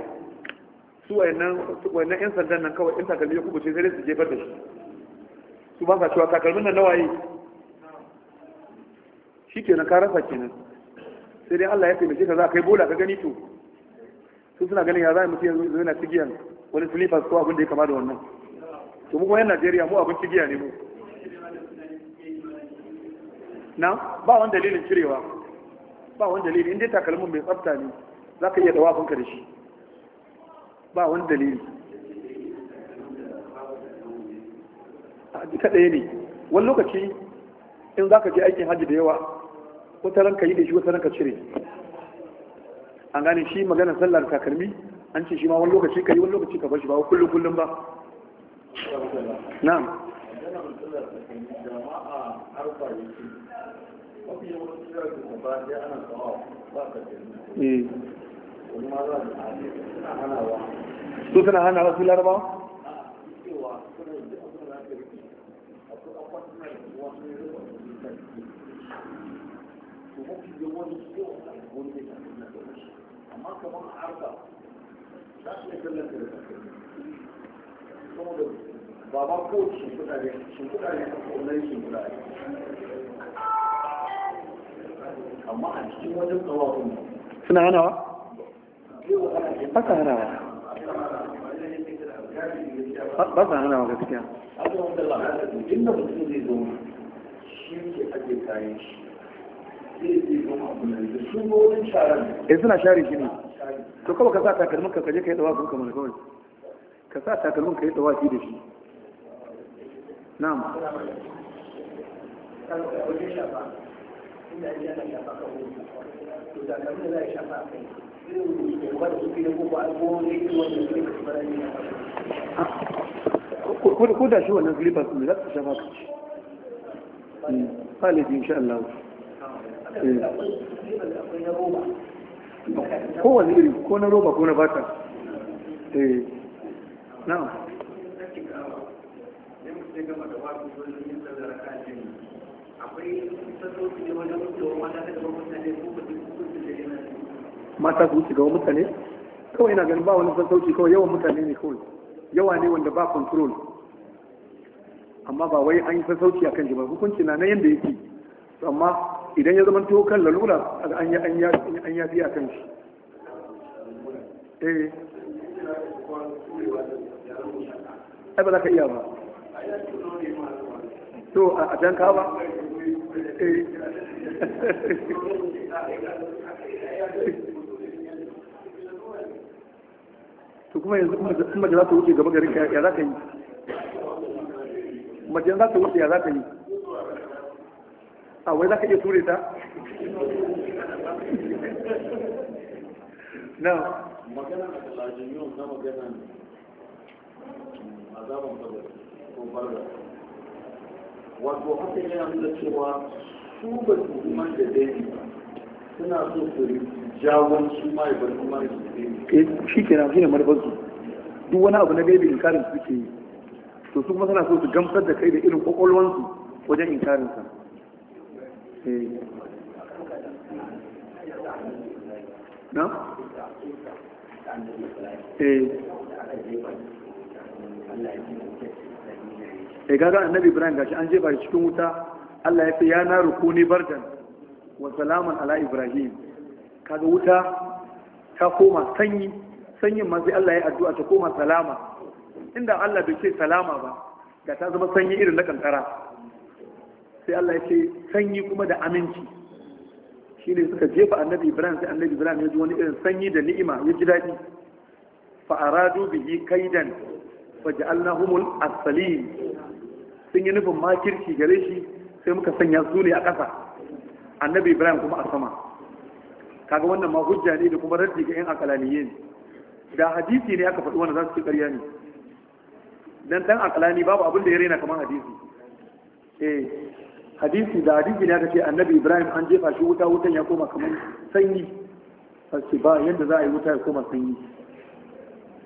su wayannan 'yan sandan nan kawai in takalmi ya kubuce sai dai su jefar da shi su ba sa cewa takalmin nan nawaye shi kenan ka rasa kenan sai dai Allah ya taimake ka za kai bola ka gani to su suna ganin ya za mutu yanzu yana cigiyan wani silifas ko abin da ya kama da wannan to mu kuma yan Najeriya mu abin cigiya ne mu na ba wani dalilin cirewa ba wani dalili in dai takalmin mai tsafta ne za ka iya dawafin ka da shi ba wani dalili a duka ɗaya ne wani lokaci in za ka je aikin hajji da yawa wata ranka yi da shi wata ranka cire an gane shi magana sallar takalmi an ce shi ma wani lokaci ka yi wani lokaci ka bashi ba wa kullum kullum ba na'am eh. su suna hana wasu larabawa وممكن يكون اسبوع يكون في تحديد نفسه اما كمان عرضة شخص يكون لك الاسبوع بابا كوت شنكوت علي شنكوت أنا شنكوت علي شنكوت علي اما عشتين وجب قواتهم سمع انا بس انا بس انا وقتك يا الحمد لله هذا الجنة بتنزيدون شيء في حد الكائن eh suna share shi ne to kawai ka sa takalmin ka kaje ka yi dawafin kamar kawai ka sa takalmin ka yi dawafi da shi na'am ko da shi wannan filibas ne za su shafa ka ci. Khalid hmm. insha Allah. kowane iri ko na roba ko na bata eh mata su wuce ga mutane kawai ina ganin ba wani sassauci kawai yawan mutane ne kawai yawa ne wanda ba control amma ba wai an yi sassauci akan jima, hukunci na na yanda yake amma idan ya zama to kan lalura an ya an ya an biya kan shi eh ai ba za ka iya ba to a dan ka ba to kuma yanzu kuma da za ta wuce gaba garin ya za ka yi majiyar za ta wuce ya za ka yi a wai za ka iya ture ta na magana a kalajin yau na magana ko wato haka yana nuna cewa su ba su kuma da dai suna so su jawon su ma ya kuma da su eh, shi kenan shi ne manufarsu duk wani abu na gaibi inkarin suke yi to su kuma suna so su gamsar da kai da irin kwakwalwansu wajen inkarinsa eh e eh. gaga eh, annabi ibrahim gashi an jefa cikin wuta Allah ya fi ya na ni bardan wa salaman ala ibrahim kaga wuta ta koma sanyi sanyin ma sai Allah ya addu'a ta koma salama inda Allah bai ce salama ba da ta zama sanyi irin na kankara sai Allah ya ce sanyi kuma da aminci shi ne suka jefa annabi ibrahim sai annabi ibrahim ya ji wani irin sanyi da ni'ima ya ji daɗi fa aradu bihi kaidan fa ja'alnahumul asalin sun yi nufin makirci gare shi sai muka sanya su ne a ƙasa annabi ibrahim kuma a sama kaga wannan ma hujja ne da kuma raddi ga yan akalaniye ne da hadisi ne aka faɗi wanda za su ci ƙarya ne dan dan akalani babu abin da ya raina kamar hadisi eh hadisi da hadisi ne aka ce annabi ibrahim an jefa shi wuta wutan ya koma kamar sanyi sai ba yadda za a yi wuta ya koma sanyi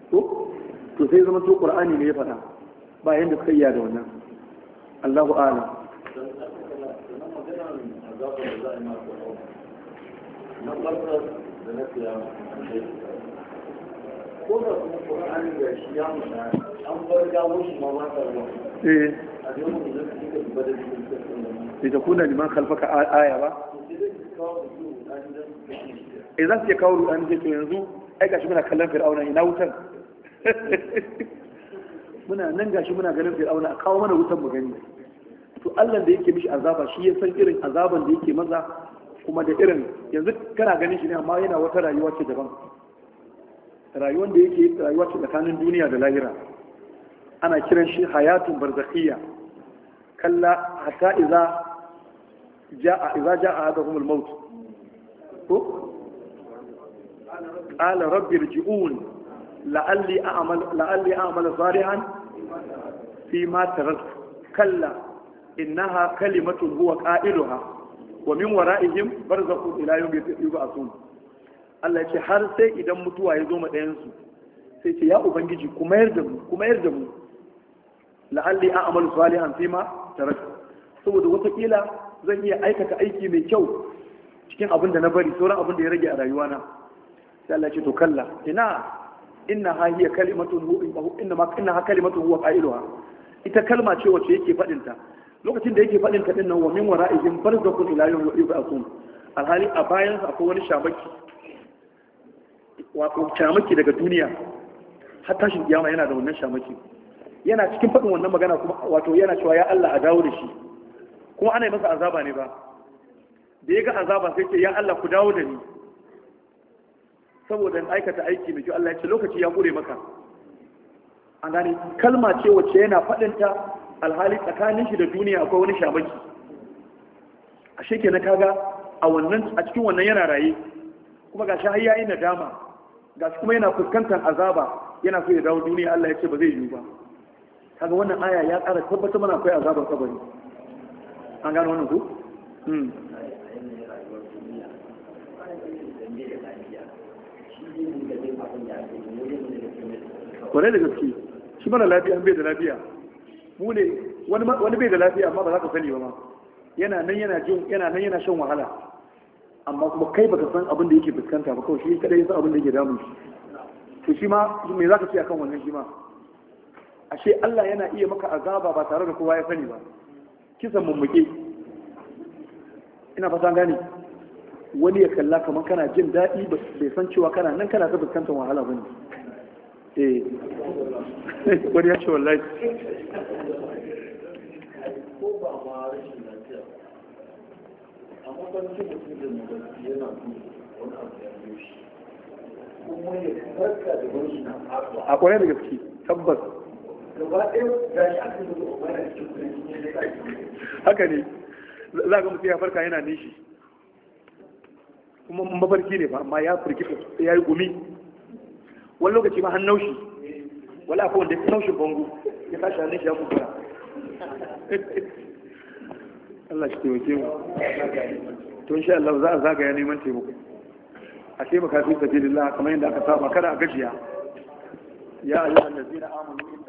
ko to sai zama to qur'ani ne ya faɗa ba yadda suka iya da wannan Allahu a'lam ko da kuma qur'ani da shi ya an bar gawo shi ma ba ta ruwa eh a yau da suka duba da shi da ta kuna liman kalfaka aya ba eh za su iya kawo rudani da to yanzu ai gashi muna kallon fir'auna ina wutan muna nan gashi muna ganin fir'auna a kawo mana wutan mu gani to Allah da yake mishi azaba shi ya san irin azaban da yake maza kuma da irin yanzu kana ganin shi ne amma yana wata rayuwa ce daban rayuwar da yake rayuwa ce tsakanin duniya da lahira ana kiran shi hayatun barzakhiyya kalla hatta idza ja'a idza ja'a hadahumul maut ko qala rabbi irji'un la'alli a'mal la'alli a'mal salihan fi ma tarak kalla innaha kalimatun huwa qa'iluha wa min wara'ihim barzakhun Allah ce har sai idan mutuwa ya zo ɗayansu. sai ce ya ubangiji ku mayar da mu ku mayar da mu la'alli a'malu salihan fi tarak saboda wata kila zan iya aikata aiki mai kyau cikin abin da na bari sauran abin da ya rage a rayuwana sai Allah ce to kalla ina inna ha hiya kalimatun hu inna ma inna ha kalimatun huwa qailuha ita kalma ce wacce yake fadin ta lokacin da yake fadin ta din nan wa min wara'ihim barzakhun ila yawm yub'athun alhali a bayan sa akwai wani shamaki wato shamaki daga duniya har tashin kiyama yana da wannan shamaki yana cikin fadin wannan magana kuma wato yana cewa ya Allah a dawo da shi kuma ana yi masa azaba ne ba da ya ga azaba sai ce ya Allah ku dawo da ni saboda aikata aiki mai kyau Allah ya ce lokaci ya kure maka an gane kalma ce wacce yana faɗinta alhali tsakanin shi da duniya akwai wani shamaki a sheke na kaga a wannan a cikin wannan yana raye kuma ga shi har na nadama ga shi kuma yana fuskantar azaba yana so ya dawo duniya Allah ya ce ba zai yiwu ba kaga wannan aya ya ƙara tabbatar mana akwai azabar kabari an gano wannan ku hmm. kwarai da gaske shi mara lafiya an bai da lafiya mu ne wani bai da lafiya amma ba za ka sani ba ma yana nan yana jin yana nan yana shan wahala amma kuma kai baka san abin da yake fuskanta ba kawai shi kadai san abin da yake damun shi to shi ma me za ka ce akan wannan shi ma ashe Allah yana iya maka azaba ba tare da kowa ya sani ba kisan mummuke ina fasa gane wani ya kalla kamar kana jin daɗi bai san cewa kana nan kana ta fuskantar wahala ne eh wani ya ce wallahi ko ba ma rashin lafiya amma wani a kwanar da gaske tabbas haka ne za ga mutum ya farka yana nishi kuma mafarki ne ba amma ya firgita ya yi gumi wani lokaci ma hannaushi wala akwai wanda ya naushin bango ya tashi hannun shi ya kumbura Allah shi taimake mu to insha Allah za a zagaya neman taimako a taimaka fi sabilillah kamar yadda aka saba kada a gajiya ya ayyuhan ladina amanu